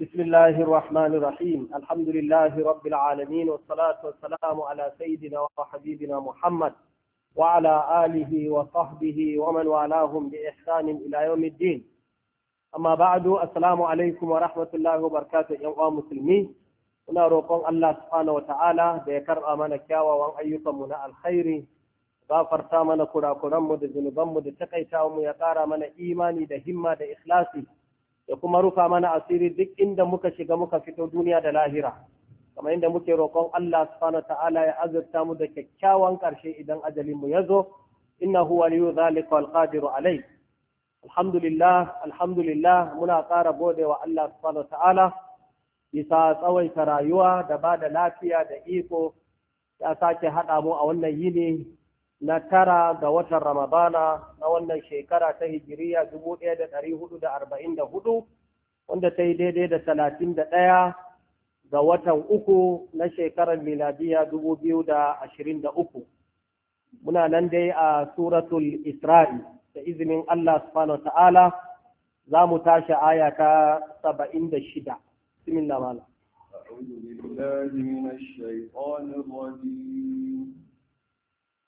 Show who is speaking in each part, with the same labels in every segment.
Speaker 1: بسم الله الرحمن الرحيم الحمد لله رب العالمين والصلاة والسلام على سيدنا وحبيبنا محمد وعلى آله وصحبه ومن والاهم بإحسان إلى يوم الدين أما بعد السلام عليكم ورحمة الله وبركاته يا مسلمين muna roƙon Allah subhanahu wa ta'ala da ya karɓa mana kyawawan ayyukanmu na alkhairi gafarta mana kurakuranmu da zunubanmu da takaitawanmu ya ƙara mana imani da himma da ikhlasi ya kuma rufa mana asiri duk inda muka shiga muka fito duniya da lahira kamar inda muke roƙon Allah subhanahu ta'ala ya azurta mu da kyakkyawan ƙarshe idan ajalin mu yazo innahu waliyu zalika wal qadiru alai alhamdulillah alhamdulillah muna ƙara gode wa Allah subhanahu ta'ala bisa tsawaita rayuwa da ba da lafiya da iko ya sake haɗa mu a wannan yini na tara ga watan Ramadana na wannan shekara ta Hijiriya 1444 wanda ta yi daidai da 31 ga watan uku na shekarar miladiya 2023. Muna nan dai a Suratul Isra'i da izinin Allah subhanahu wa ta'ala za mu tashi aya ta 76. Bismillah mala.
Speaker 2: أعوذ بالله من الشيطان الرجيم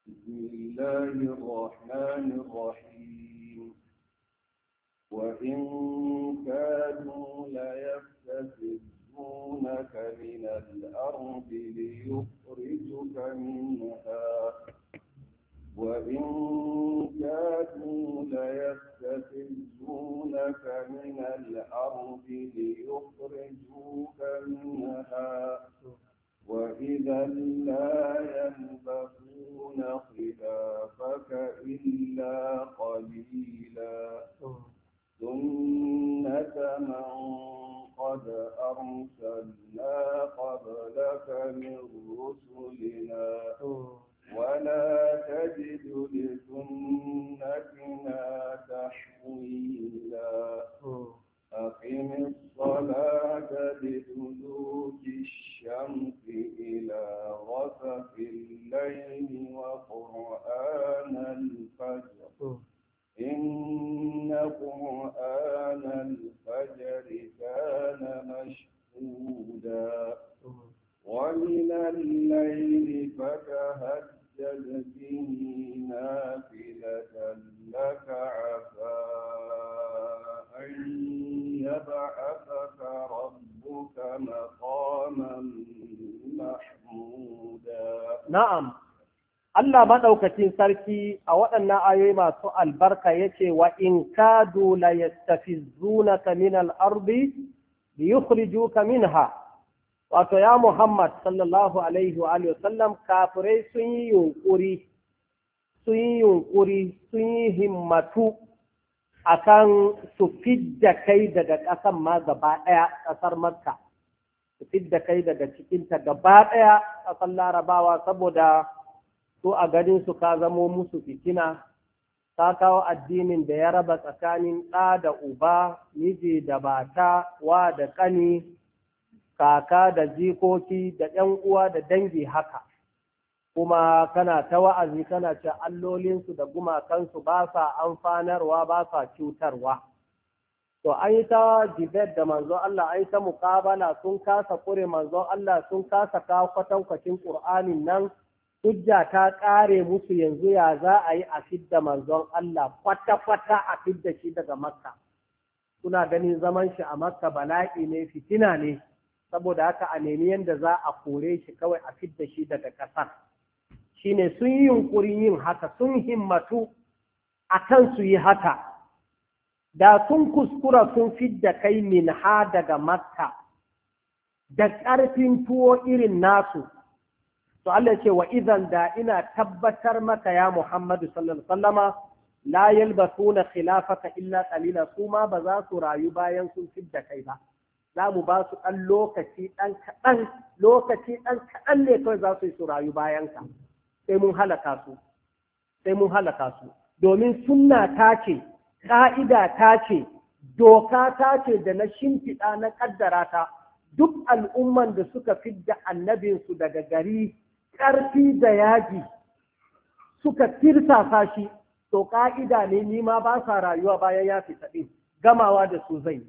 Speaker 2: بسم الله الرحمن الرحيم وإن كانوا ليستفزونك من الأرض ليخرجك منها وإن كانوا ليستفزونك من الأرض ليخرجوك منها وإذا لا ينبغون خلافك إلا قليلا سنة من قد أرسلنا
Speaker 1: Allah maɗaukacin sarki a waɗannan ayoyi masu albarka ya ce wa in kadu la yastafizunaka min al-ardi wato ya Muhammad sallallahu alaihi wa sallam kafirai sun yi yunƙuri, sun yi yunkuri sun yi himmatu akan su fidda kai daga ƙasan ma gaba ɗaya ƙasar Makka su fidda kai daga cikinta gaba ɗaya ƙasar Larabawa saboda su a ganin su ka zamo musu fitina ka kawo addinin da ya raba tsakanin ɗa da uba miji da bata wa da ƙani kaka da jikoki da ‘yan uwa da dangi haka kuma kana ta wa'azi kana ce allolinsu da gumakansu ba sa amfanarwa ba sa cutarwa to an yi ta jibet da manzon Allah an yi ta muƙabala sun kasa kure manzo Allah sun kasa kawo kwatankwacin ƙur'anin nan hujja ta ƙare musu yanzu ya za a yi a fidda manzon Allah kwata-kwata a fidda shi daga makka suna ganin zaman shi a makka bala'i ne fitina ne saboda haka a nemi yadda za a kore shi kawai a fidda shi daga ƙasar Shi ne sun yi yunkurin yin haka sun himmatu a kan su yi haka da sun kuskura sun fidda kai Min Ha daga makka da ƙarfin tuwo irin nasu to Allah ce wa idan da ina tabbatar maka ya Muhammadu sallallahu alaihi wasallama la yalbasuna khilafaka illa qalila su ma ba za su rayu bayan sun da kai ba za mu ba su ɗan lokaci ɗan kaɗan lokaci ɗan kaɗan ne kawai za su yi su rayu bayan ka sai mun halaka su sai mun halaka su domin sunna ta ce ƙa'ida ta ce doka ta ce da na shimfiɗa na ƙaddara ta duk al'umman da suka fidda annabinsu daga gari ƙarfi da yaji suka tirsasa shi to ƙa'ida ne nima ba sa rayuwa bayan ya fita ɗin gamawa da su zai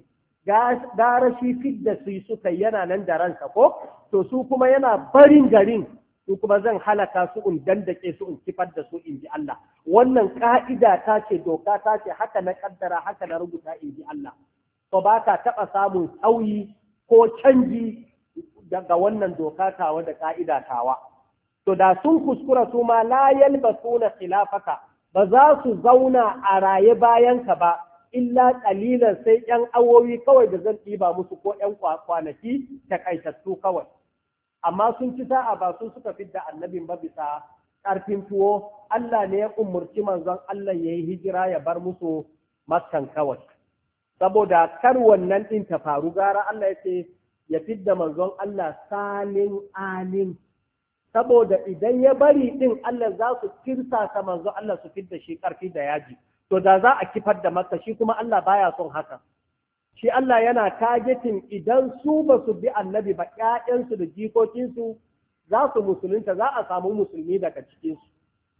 Speaker 1: gara shi fit da su suka yana nan da ransa ko to su kuma yana barin garin su kuma zan halaka su in dandake su in kifar da su in ji Allah wannan ƙa'ida ta ce doka ta ce haka na ƙaddara haka na rubuta in ji Allah to ba ka taɓa samun sauyi ko canji daga wannan doka tawa da ƙa'ida tawa. to da sun kuskura su ma la suna khilafaka ba za su zauna a raye bayanka ba illa qalilan sai yan awowi kawai da zan ɗiba musu ko yan kwanaki takaitattu kawai amma sun ci sa'a ba sun suka fidda annabin ba bisa ƙarfin tuwo Allah ne ya umurci manzon Allah ya yi hijira ya bar musu makkan kawai saboda kar wannan ɗin ta faru gara Allah ya ce ya fidda manzon Allah salin alin saboda idan ya bari din Allah za su kirsa ta manzo Allah su fidda shi karfi da yaji to da za a kifar da maka shi kuma Allah baya son haka shi Allah yana targeting idan su ba su bi annabi ba ƴaƴansu da jikokinsu za su musulunta za a samu musulmi daga cikinsu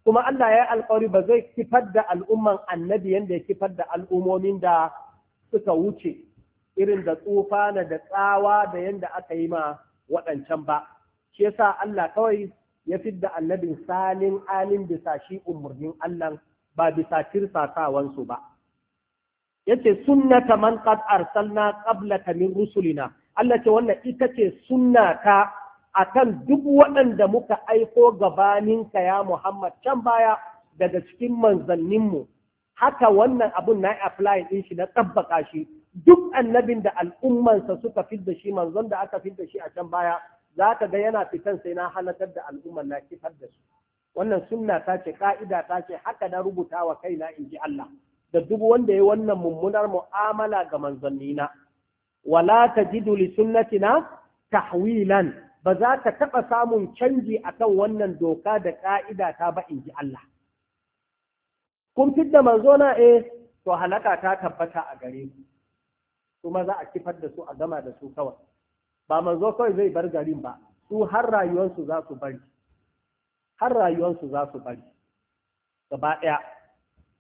Speaker 1: kuma Allah ya yi alƙawari ba zai kifar da al'umman annabi yanda ya kifar da al'ummomin da suka wuce irin da tsufana da tsawa da yanda aka yi ma waɗancan ba shi yasa Allah kawai ya fidda annabin salin alin bisa shi umarnin Allah ba bisa tirsasawansu ba yace sunnata man qad arsalna qablaka min rusulina Allah ce wannan ita ce sunnata akan duk waɗanda muka aiko gabaninka ya Muhammad can baya daga cikin manzanninmu haka wannan abun na apply din shi na tabbaka shi duk annabin da al'ummansa suka fidda shi manzon da aka fidda shi a can baya za ka ga yana fitan sai na halatar da al'ummar na kifar da su wannan sunna ta ce ka'ida ta ce haka na rubuta wa kaina in ji Allah da duk wanda ya wannan mummunar mu'amala ga manzannina wala tajidu li sunnatina tahwilan ba za ka taɓa samun canji akan wannan doka da ka'ida ta ba in ji Allah kun fidda manzona eh to halaka ta tabbata a gare ku kuma za a kifar da su a gama da su kawai ba manzo kai zai bar garin ba su har rayuwarsu za su bari har rayuwarsu za su bari gaba ɗaya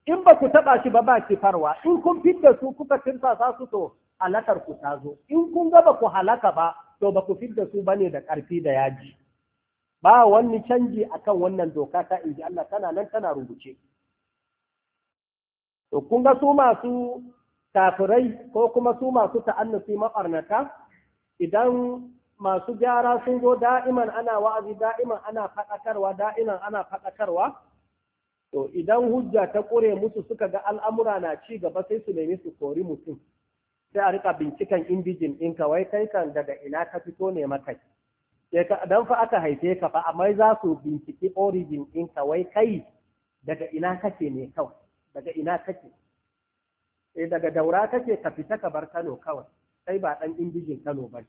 Speaker 1: in ba ku taɓa shi ba ba farwa, in kun fidda su kuka tirsa za su to halakar ku ta zo in kun ga ba ku halaka ba to ba ku fidda su bane da ƙarfi da yaji ba wani canji akan wannan doka ta inji Allah tana nan tana rubuce to kun ga su masu kafirai ko kuma su masu ta'annasi maɓarnata idan masu gyara sun zo da'iman ana wa'azi da'iman ana faɗakarwa da'iman ana faɗakarwa to idan hujja ta ƙure musu suka ga al'amura na ci gaba sai su nemi su kori mutum sai a rika binciken indijin in wai kai kan daga ina ka fito ne makai dan fa aka haife ka fa amma za su binciki origin in wai kai daga ina kake ne kawai daga ina kake eh daga daura kake ka fita ka bar Kano kawai kai ba ɗan indijin Kano ba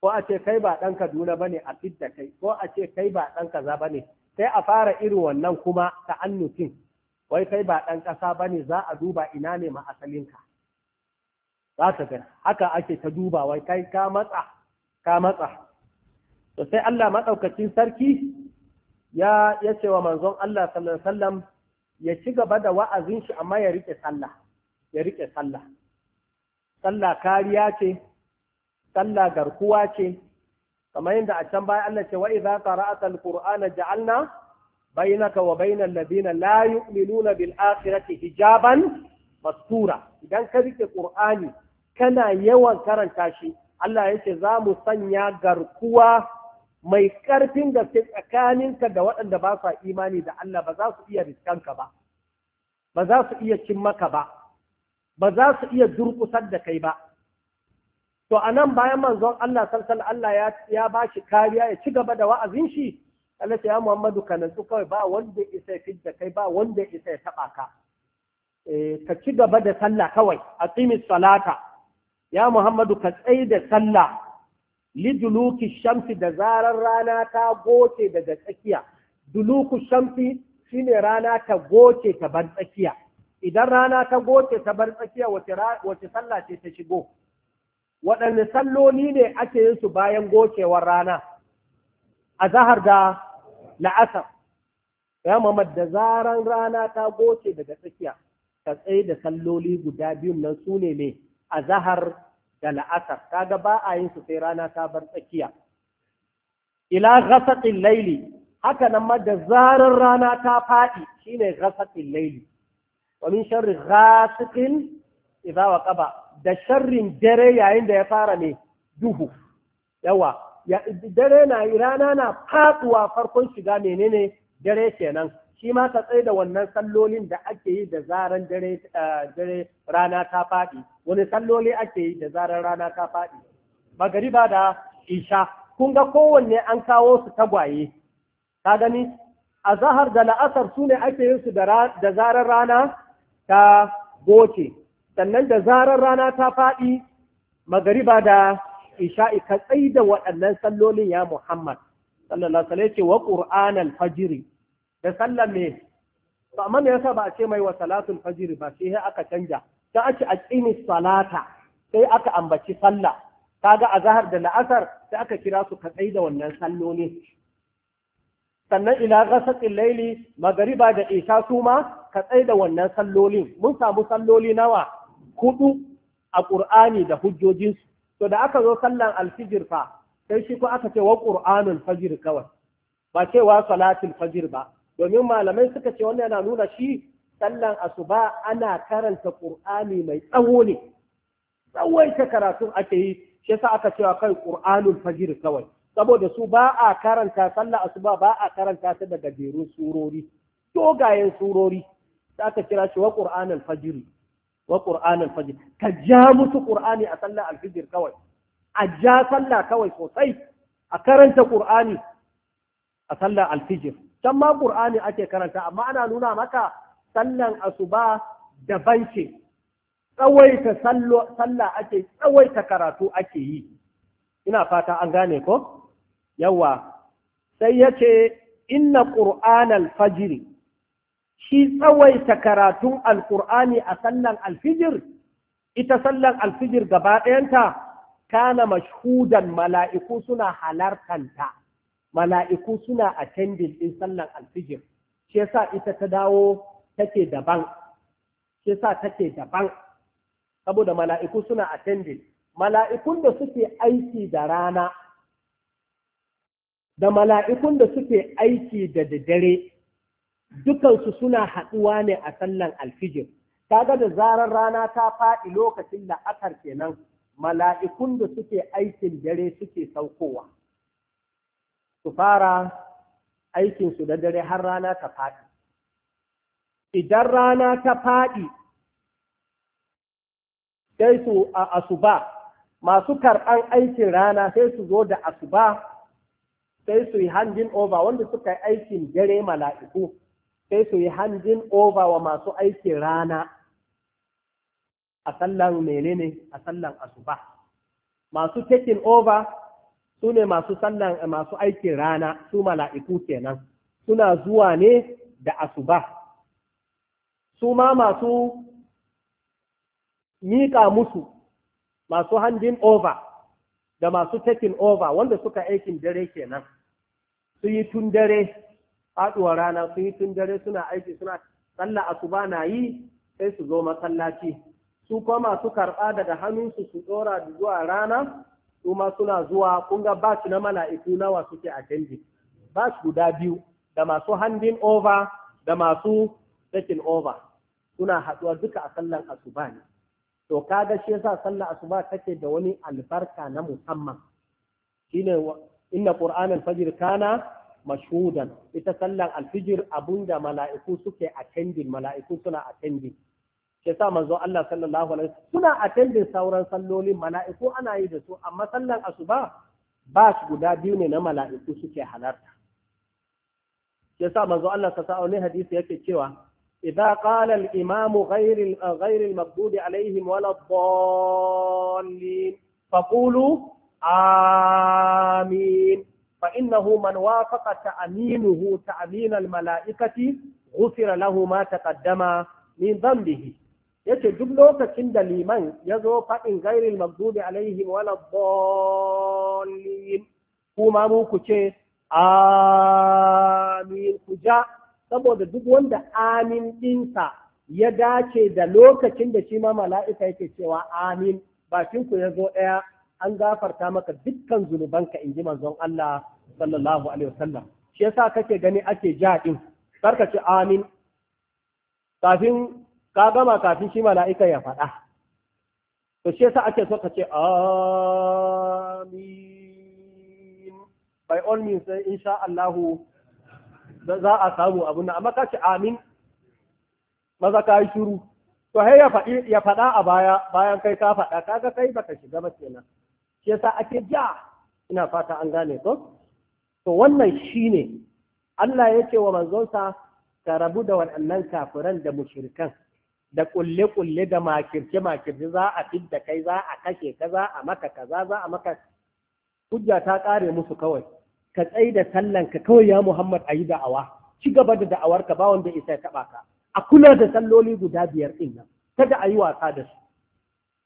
Speaker 1: ko a ce kai ba ɗan Kaduna ba ne a fidda kai ko a ce kai ba ɗan kaza ba ne sai a fara irin wannan kuma ta annutin wai kai ba ɗan ƙasa ba ne za a duba ina ne ma'asalinka za ka gani haka ake ta duba wai kai ka matsa ka matsa to sai Allah maɗaukacin sarki ya ya ce wa manzon Allah sallallahu alaihi wasallam ya ci gaba da wa'azin shi amma ya rike sallah ya rike sallah sallah kariya ce sallah garkuwa ce kamar yadda a can baya Allah ce wa idza qara'ata alqur'ana ja'alna bainaka wa bainal ladina la yu'minuna bil akhirati hijaban mastura idan ka rike qur'ani kana yawan karanta shi Allah ya ce za mu sanya garkuwa mai ƙarfin gaske tsakaninka da waɗanda ba sa imani da Allah ba za su iya riskanka ba, ba za su iya cin maka ba, ba za su iya durkusar da kai ba to a nan bayan manzon Allah sallallahu Allah ya ba shi kariya ya ci gaba da wa'azin shi Allah ya Muhammadu ka nantsu kawai ba wanda isa ya da kai ba wanda isa ya taba ka eh, ka ci gaba da sallah kawai aqimis salata ya Muhammadu ka tsaye da sallah liduluki shamsi da zarar rana ta goce daga tsakiya duluku shamsi shine rana ta goce ta ban tsakiya idan rana ta goce ta bar tsakiya wace sallah ce ta shigo waɗanne salloli ne ake yin su bayan gocewar rana a zahar da la'asar ya mamad da zaran rana ta goce daga tsakiya ta tsaye da salloli guda biyun nan su ne ne a zahar da la'asar kaga ba a yin su sai rana ta bar tsakiya ila ghasaqin laili haka nan ma da zaran rana ta faɗi shine ghasaqin laili wa min sharri ghasiqin idza da sharrin dare yayin da ya fara ne duhu yawa dare na rana na faduwa farkon shiga menene dare kenan shi ma ka tsaye da wannan sallolin da ake yi da zaran dare dare rana ta faɗi wani salloli ake yi da zaran rana ta faɗi magariba da isha kun ga kowanne an kawo su tagwaye ka gani a zahar da la'asar su ne ake yin su da zarar rana ta goce sannan da zarar rana ta faɗi magariba da isha'i ka da waɗannan sallolin ya Muhammad sallallahu alaihi ce wa Qur'an al-fajr da sallar ne. to amma me yasa ba a ce mai wa salatul fajr ba sai aka canja ta ake aqimi salata sai aka ambaci sallah kaga zahar da la'asar sai aka kira su ka da wannan sallolin sannan ila ghasaqil layli magariba da isa su ma ka tsaida da wannan sallolin mun samu salloli nawa huɗu a ƙur'ani da hujjojinsu. to da aka zo sallan alfijir fa sai shi ko aka ce wa Fajir kawai ba cewa salatul Fajir ba domin malamai suka ce wannan yana nuna shi sallan asuba ana karanta ƙur'ani mai tsawo ne tsawaita karatun ake yi shi yasa aka cewa kai ƙur'anul Fajir kawai saboda su ba a karanta sallah asuba ba a karanta ta daga jerun surori dogayen surori da aka kira shi wa qur'an al-fajr wa qur'an fajr ka ja musu qur'ani a sallah al-fajr kawai a ja sallah kawai sosai a karanta qur'ani a sallah al-fajr can ma qur'ani ake karanta amma ana nuna maka sallan asuba daban ce tsawaita sallah ake tsawaita karatu ake yi ina fata an gane ko yawa sai ya ce inna ƙur'an alfajiri shi tsawaita karatun alƙur'ani a sallan alfijir ita sallan alfijir gaba ɗayanta kana mashhudan mala'iku suna halartanta mala'iku suna a candin ɗin sallan alfijir shi sa ita ta dawo take daban shi sa take daban saboda mala'iku suna a mala'ikun da suke aiki da rana da mala'ikun da suke aiki da dare dukansu suna haɗuwa ne a sallan alfijir kaga da zarar rana ta faɗi lokacin da akar kenan mala'ikun da suke aikin dare suke saukowa su fara aikinsu da dare har rana ta faɗi idan rana ta faɗi sai su a asuba masu karɓan aikin rana sai su zo da asuba sai su yi handin over wanda suka yi aikin dare mala'iku sai su yi handin over wa masu aikin rana a sallan menene a sallan asuba masu taking over su ne masu sallan masu aikin rana su mala'iku kenan suna zuwa ne da asuba su ma masu miƙa musu masu handin over da masu taking over wanda suka aikin dare kenan su yi tun dare rana su yi tun dare suna aiki suna sallah asuba na yi sai su zo masallaci su kuma masu karɓa daga hannunsu su ɗora zuwa rana su ma suna zuwa kun ga batch na mala'iku nawa suke a canji bas guda biyu da masu handin over da masu taking over suna haɗuwa duka a sallan asuba ne to kaga shi yasa sallar asuba take da wani albarka na musamman shine inna qur'an al-fajr kana mashhudan ita sallar al-fajr abunda mala'iku suke attending mala'iku suna attending ke sa manzo Allah sallallahu alaihi suna attending sauran salloli, mala'iku ana yi da su amma sallar asuba ba shi guda biyu ne na mala'iku suke halarta ke sa manzo Allah sallallahu alaihi hadisi yake cewa إذا قال الإمام غير غير المغضوب عليهم ولا الضالين فقولوا آمين فإنه من وافق تأمينه تأمين الملائكة غفر له ما تقدم من ذنبه yace duk lokacin da liman ya zo faɗin gairil magdubi alaihim wala dallin kuma mu ku ce amin ku ja saboda duk wanda amin dinsa ya dace da lokacin da shi ma mala'ika yake cewa amin bakin ku ya zo ɗaya an gafarta maka dukkan zunubanka in ji manzon Allah sallallahu alaihi wasallam shi yasa kake gani ake jaɗin karka ce amin kafin ka gama kafin shi mala'ika ya faɗa to shi yasa ake so ka ce amin by all means insha Allahu za a samu abin nan amma kace amin maza kai shiru to hayya ya faɗi ya faɗa a baya bayan kai ka faɗa kaga kai baka shiga ba kenan shi yasa ake ja ina fata an gane to. to wannan shine Allah ya ce wa manzonsa ka rabu da waɗannan kafiran da mushrikan da kulle-kulle da makirce-makirce za a fidda kai za a kashe ka za a maka kaza za a maka hujja ta kare musu kawai ka tsai da sallanka kawai ya Muhammad a yi da'awa ci gaba da da'awarka ba wanda isa ya taɓa ka a kula da salloli guda biyar ɗin nan kada a yi wasa da su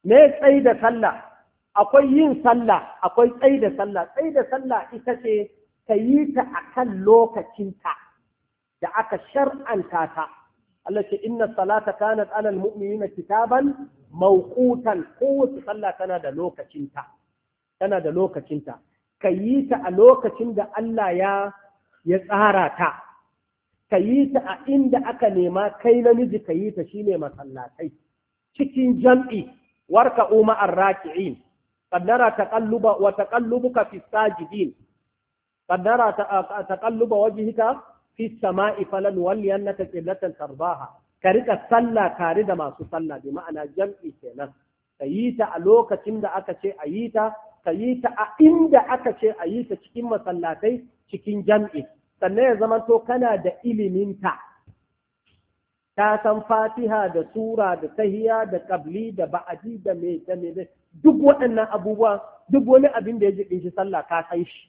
Speaker 1: me tsai da sallah akwai yin sallah akwai tsai da sallah tsai da sallah ita ce ka yi ta a kan lokacinta da aka shar'anta ta Allah ce inna salata kanat alal mu'minina kitaban mawqutan kowace sallah tana da lokacinta tana da lokacinta ka yi ta a lokacin da Allah ya ya tsara ta ka yi ta a inda aka nema kai namiji ka yi ta shine masallatai cikin jam'i warka umma arraki'in ta ƙalluba wa taqallubuka fi sajidin qaddara taqalluba wajhika fi samai falan ta qiblatan tarbaha ka riƙa sallah tare da masu sallah bi ma'ana jam'i kenan ka yi ta a lokacin da aka ce a yi ta ka yi ta a inda aka ce a yi ta cikin masallatai cikin jam'i sannan ya zamanto kana da iliminta ta san fatiha da sura da tahiya da kabli da ba'adi da mai da duk waɗannan abubuwa duk wani abin da ya jiɗin shi sallah ka san shi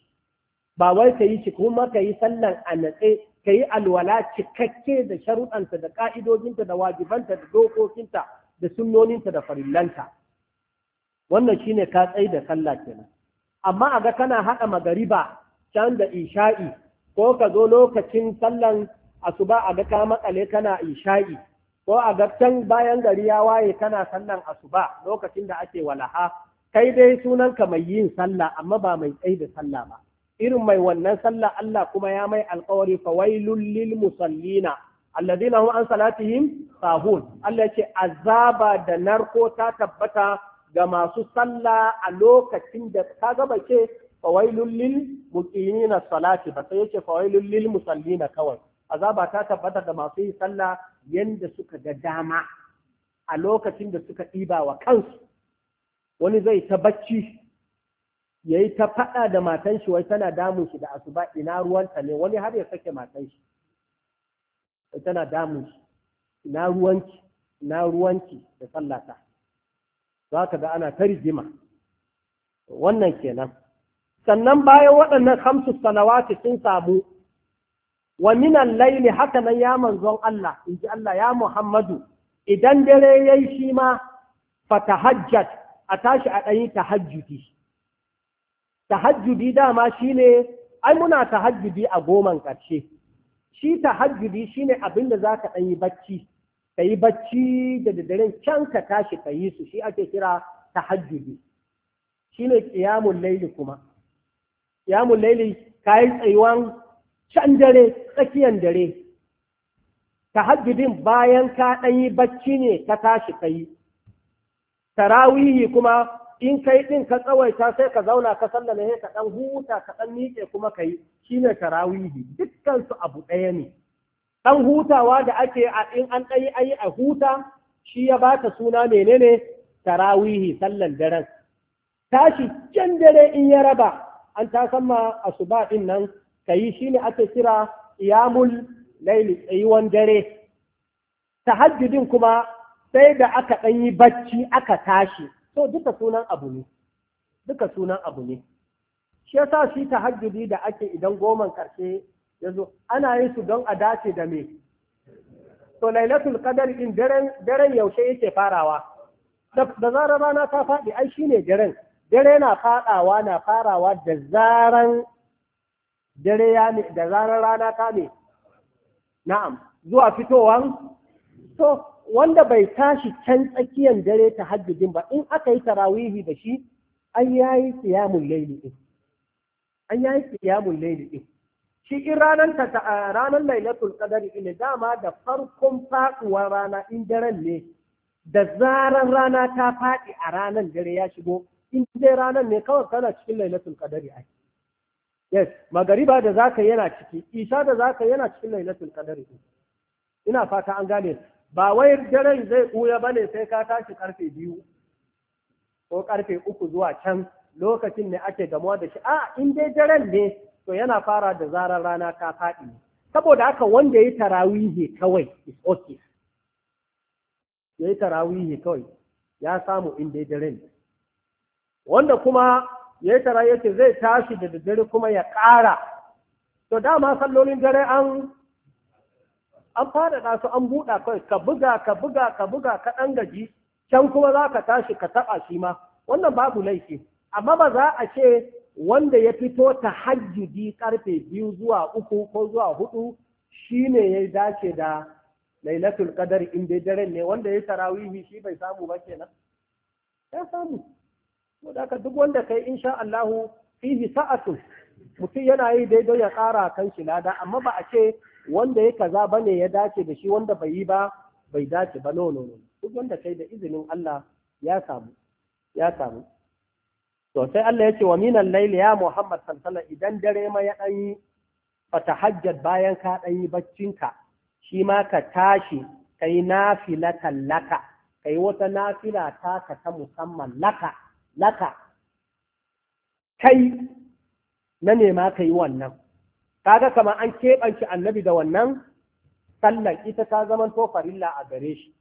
Speaker 1: ba wai ka yi shi kuma ka yi sallan a natse ka yi alwala cikakke da sharuɗanta da ƙa'idojinta da wajibanta da dokokinta da sunnoninta da farillanta wannan shine ka tsaye da sallah kenan amma a ga kana haɗa magariba can da isha'i ko ka zo lokacin sallan asuba a ga ka matsale kana isha'i ko a ga can bayan gari ya waye kana sallan asuba lokacin da ake walaha kai dai sunanka mai yin sallah amma ba mai tsaye da sallah ba irin mai wannan sallah Allah kuma ya mai alkawari fawailul lil musallina alladhina hum an salatihim sahun Allah ce azaba da narko ta tabbata ga masu sallah a lokacin da ta gaba ke fawailun lil na salati ba sai yake fawailun lil na kawai azaba ta tabbata ga masu yi sallah yadda suka ga dama a lokacin da suka ɗiba wa kansu wani zai ta bacci ya yi ta faɗa da matanshi wai tana damun shi da asuba ina ruwanta ne wani har ya sake matan shi wai tana damun ina ruwanki da sallata za ka ana ta wannan kenan sannan bayan waɗannan hamsu sanawati sun samu wa minan laili haka nan ya manzon Allah in ji Allah ya Muhammadu idan dare yayi shi ma fatahajjat a tashi a ɗanyi tahajjudi tahajjudi dama shine ai muna tahajjudi a goman ƙarshe shi tahajjudi shine abinda da zaka ɗanyi bacci ka yi bacci da daddaren can ka tashi ka yi su shi ake kira ta tahajjudi shi ne ƙiyamun laili kuma ƙiyamun laili ka yi tsayuwan can dare tsakiyan dare Ta tahajjudin bayan ka ɗan yi bacci ne ka tashi ka yi tarawihi kuma in ka yi ɗin ka tsawaita sai ka zauna ka sallame ka ɗan huta ka ɗan miƙe kuma ka yi shi ne tarawihi dukkansu abu ɗaya ne ɗan hutawa da ake a in an ɗai ayi a huta shi ya ba ta suna menene tarawihi sallan daren tashi can dare in ya raba an ta sama asuba ɗin nan kayi shine ake kira iyamul laili tsayuwan dare tahajjudin kuma sai da aka ɗan yi bacci aka tashi to duka sunan abu ne duka sunan abu ne shi yasa shi tahajjudi da ake idan goman ƙarshe yanzu ana yin su don a dace da me to lailatul qadar din daren daren yaushe yake farawa da zarar rana ta faɗi ai shine daren dare na faɗawa na farawa da zaran dare ya ne da zarar rana ta ne na'am zuwa fitowan to wanda bai tashi can tsakiyar dare ta hajjudin ba in aka yi tarawihi da shi an yayi qiyamul layli din an yayi layli shi in ranar ta ranar lailatul qadari ne dama da farkon faduwar rana in daren ne da zarar rana ta faɗi a ranar dare ya shigo in dai ranar ne kawai kana cikin lailatul qadari ai yes magariba da zaka yana ciki isha da zaka yana cikin lailatul qadari ina fata an gane ba wai daren zai kuya bane sai ka tashi karfe biyu ko karfe uku zuwa can lokacin ne ake gamuwa da shi a in dai daren ne to yana fara da zarar rana ta faɗi saboda haka wanda ya tarawihi kawai is ya yi tarawihi kawai ya samu inda ya dare wanda kuma ya yi tarawihi zai tashi da daddare kuma ya ƙara to dama sallolin dare an an da su an buɗa kawai ka buga ka buga ka buga ka ɗan gaji can kuma za ka tashi ka taɓa shi ma wannan babu laifi amma ba za a ce wanda ya fito ta hajjudi karfe biyu zuwa uku ko zuwa hudu shine ya dace da lailatul qadar in dai daren ne wanda ya tarawihi shi bai samu ba kenan ya samu ko da duk wanda kai insha allahu fihi sa'atu mutum yana yi daidai ya kara kan shi lada amma ba a ce wanda ya kaza ba ne ya dace da shi wanda bai yi ba bai dace ba no no duk wanda kai da izinin Allah ya samu ya samu to sai Allah ya ce wa minan laili ya Muhammad sallallahu idan dare ma ya dan yi fatahajjat bayan ka dan yi baccinka shi ma ka tashi kai nafilatan laka kai wata nafila ta ka ta musamman laka laka kai na nema ka yi wannan kaga kamar an keɓanci annabi da wannan sallan ita ta zaman to farilla a gare shi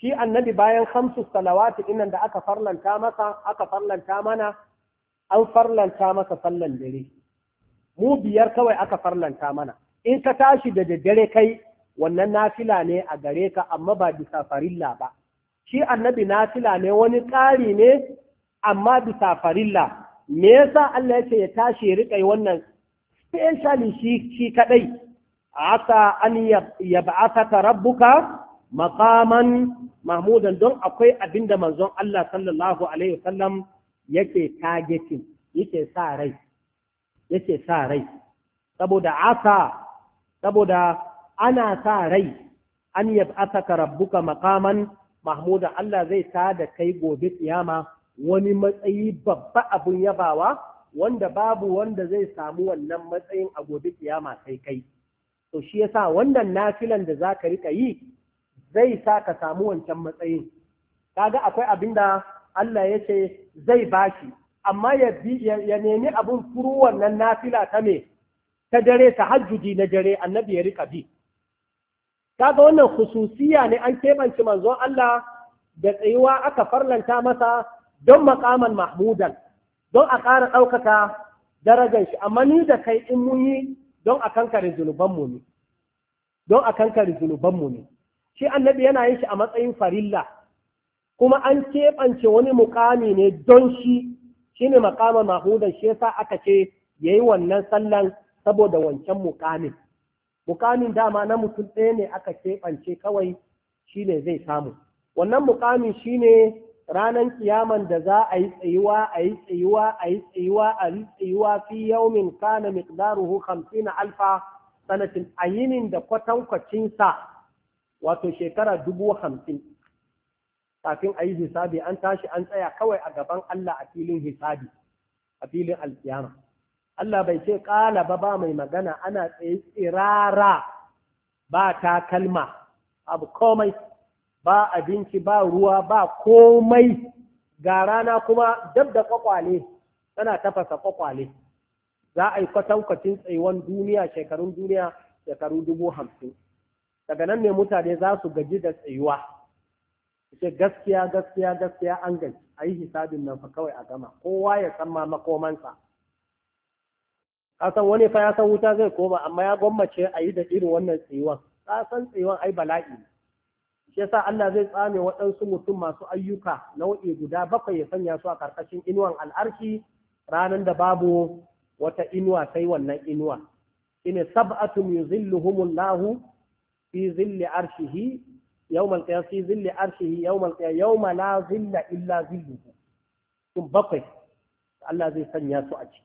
Speaker 1: shi annabi bayan hamsu salawati dinnan da aka farlanta masa aka farlanta mana an farlanta masa sallan dare mu biyar kawai aka farlanta mana in ka tashi da daddare kai wannan nafila ne a gare ka amma ba bisa farilla ba shi annabi nafila ne wani ƙari ne amma bisa farilla me yasa Allah ya ce ya tashi ya riƙa wannan specially shi shi kadai asa an yab'athaka rabbuka maqaman mahmudan don akwai abinda manzon Allah sallallahu alaihi wasallam yake targeting yake sa rai yake sa rai saboda asa saboda ana sa rai an yab'athaka rabbuka maqaman mahmudan Allah zai ta da kai gobe kiyama wani matsayi babba abun yabawa wanda babu wanda zai samu wannan matsayin a gobe kiyama sai kai to shi yasa wannan nafilan da zaka rika yi zai sa ka samu wancan matsayin kaga akwai abin da Allah ya ce zai bashi amma ya nemi abin furu wannan nafila ta me ta dare ta hajjuji na dare annabi ya rika bi kaga wannan khususiya ne an keɓance manzon Allah da tsayuwa aka farlanta masa don makaman mahmudan don a ƙara ɗaukaka darajar shi amma ni da kai in mun yi don a kankare zunubanmu ne don zunubanmu ne shi annabi yana yin shi a matsayin farilla kuma an keɓance wani mukami ne don shi shine makaman mahudan shi yasa aka ce yayi wannan sallan saboda wancan mukamin mukamin dama na mutum ɗaya ne aka keɓance kawai shine zai samu wannan mukamin shine ranar kiyaman da za a yi tsayuwa a yi tsayuwa a yi tsayuwa a yi tsayuwa fi yaumin kana miqdaruhu 50 alfa sanatin ayinin da kwatankwacin sa. wato shekara dubu hamsin kafin a yi hisabi an tashi an tsaya kawai a gaban Allah a filin hisabi a filin alkiyama Allah bai ce ƙala ba ba mai magana ana tsaye tsirara ba ta kalma abu komai ba abinci ba ruwa ba komai ga rana kuma dab da kwakwale tana tafasa kwakwale za a yi kwatankwacin tsayuwan duniya shekarun duniya shekaru dubu hamsin daga nan ne mutane za su gaji da tsayuwa ce gaskiya gaskiya gaskiya an gaji a yi hisabin nan fa kawai a gama kowa ya san ma makomansa kasan wani fa ya san wuta zai koma amma ya gwammace a yi da irin wannan tsayuwan ka san tsayuwan ai bala'i shi yasa Allah zai tsame waɗansu mutum masu ayyuka nau'i guda bakwai ya sanya su a karkashin inuwan al'arki ranar da babu wata inuwa sai wannan inuwa ina sab'atun yuzilluhumullahu fi zilli arshihi yawm al-qiyam fi zilli arshihi yawm al-qiyam yawma la zilla illa zilluhu sun bakwai Allah zai sanya su a ciki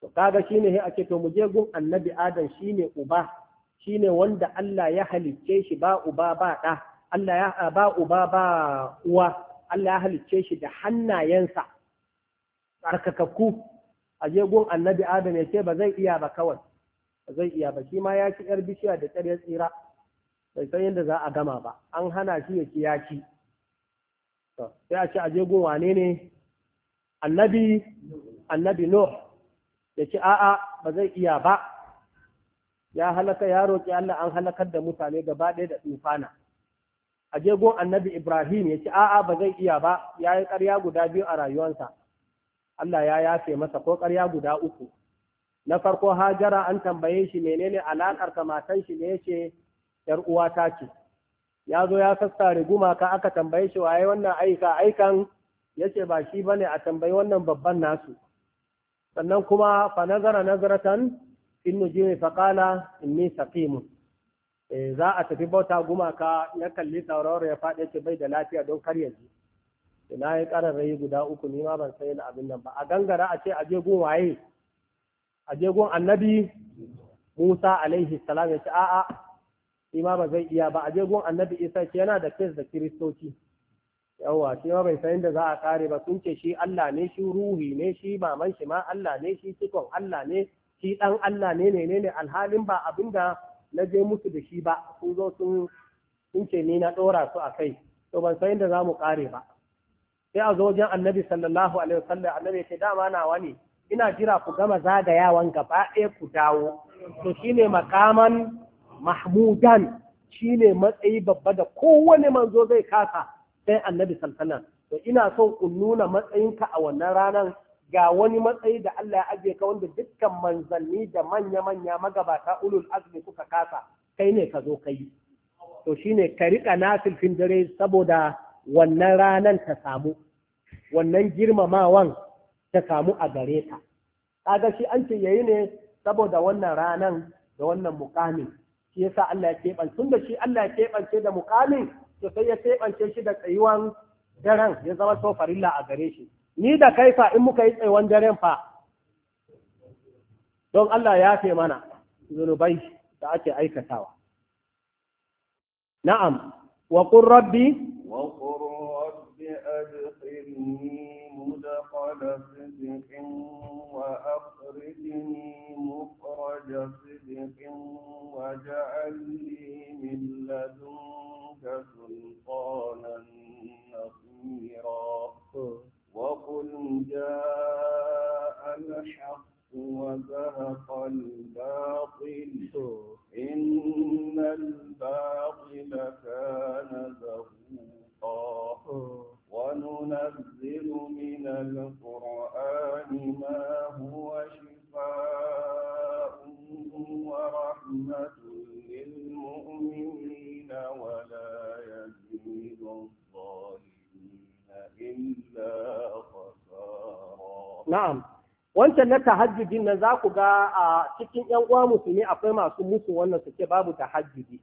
Speaker 1: to kaga shine he ake to mu je gun annabi adam shine uba shine wanda Allah ya halicce shi ba uba ba da Allah ya ba uba ba uwa Allah ya halicce shi da hannayensa tsarkakakku a je gun annabi adam ya ce ba zai iya ba kawai zai iya ba shi ma ya ci yar bishiya da ƙyar ya tsira bai san yadda za a gama ba an hana shi ya ci ya ci sai a ci a je wane ne annabi annabi nuh ya ci a'a ba zai iya ba ya halaka ya roƙi Allah an halakar da mutane gaba ɗaya da tsufana a je annabi Ibrahim ya ci a'a ba zai iya ba ya yi ƙarya guda biyu a rayuwarsa Allah ya yafe masa ko ƙarya guda uku na farko hajara an tambaye shi menene alaƙar ka matan shi ne yace yar uwata ce ya zo ya sassare gumaka aka tambaye shi waye wannan aika aikan yace ba shi bane a tambayi wannan babban nasu sannan kuma fa nazara nazratan in nujumi fa qala inni saqim eh, za a tafi bauta gumaka ya kalli sauraro ya faɗi ce bai da lafiya don kar ya ji na yi ƙararrayi guda uku nima ma ban sayi da abin nan ba a gangara a ce a je gun waye a jegon annabi Musa alaihi salam ya ce a'a shi ma ba zai iya ba a jegon annabi Isa ce yana da kes da kiristoci yawa shi ma bai san inda za a kare ba sun ce shi Allah ne shi ruhi ne shi maman shi ma Allah ne shi cikon Allah ne shi dan Allah ne ne ne alhalin ba abinda na je musu da shi ba sun zo sun sun ce ni na dora su a kai to ban san inda za kare ba sai a zo wajen annabi sallallahu alaihi wasallam annabi ya ce dama nawa ne ina jira ku gama zagayawan gaba ɗaya ku dawo to shine makaman mahmudan shine matsayi babba da kowane manzo zai kasa sai annabi sallallahu to ina so ku nuna matsayinka a wannan ranar ga wani matsayi da Allah ya ajiye ka wanda dukkan manzanni da manya-manya magabata ulul azmi kuka kasa kai ne ka zo ka yi to shine ka riƙa nasilfin dare saboda wannan ranan ta samu wannan girmamawan ta kamu a gare ta kaga shi an ce yayi ne saboda wannan ranan da wannan mukamin shi yasa Allah ya keɓance tun da shi Allah ya keɓance da mukamin to sai ya keɓance shi da tsayuwan daren ya zama so a gare shi ni da kai fa in muka yi tsayuwan daren fa don Allah ya fe mana zunubai da ake aikatawa na'am wa qur rabbi
Speaker 2: wa rabbi adkhilni مدخل صدق وأخرجني مخرج صدق واجعل لي من لدنك سلطانا نصيرا وقل جاء الحق وزهق الباطل إن الباطل كان زهوقا حقا وننزل من القرآن ما هو شفاء ورحمة للمؤمنين ولا يزيد الظالمين إلا خسارا
Speaker 1: نعم wancan na tahajjudin nan za ku ga a cikin 'yan uwa musulmi akwai masu musu wannan suke babu tahajjudi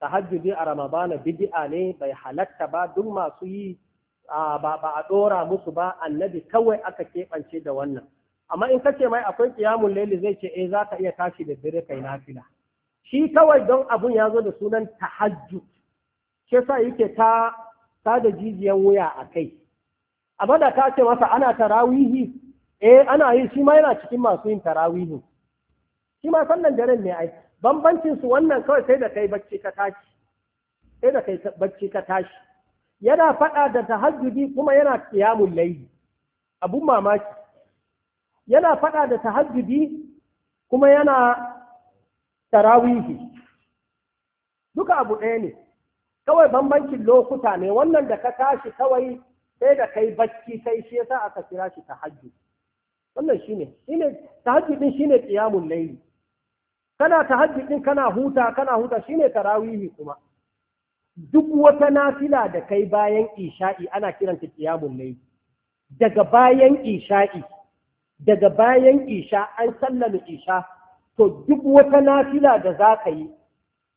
Speaker 1: tahajjudi a ramadana bid'a ne bai halatta ba duk masu yi ba a dora musu ba annabi kawai aka keɓance da wannan amma in kace mai akwai qiyamul layli zai ce eh zaka iya tashi da dare kai nafila shi kawai don abun ya zo da sunan tahajjud shi yasa yake ta ta da jijiyan wuya a kai amma da ta ce masa ana tarawihi eh ana yi shi ma yana cikin masu yin tarawihi shi ma sannan daren ne aiki bambancin su wannan kawai sai da kai bacci ka tashi sai da kai bacci ka tashi yana faɗa da tahajjudi kuma yana qiyamul layli abun mamaki yana faɗa da tahajjudi kuma yana tarawihi duka abu ɗaya ne kawai bambancin lokuta ne wannan da ka tashi kawai sai da kai bacci kai shi yasa aka kira shi tahajjudi wannan shine shine tahajjudin shine qiyamul layli kana tahajjud din kana huta kana huta shine tarawihi kuma duk wata nafila da kai bayan isha'i ana kiranta qiyamul layl daga bayan isha'i daga bayan isha an sallama isha to duk wata nafila da za ka yi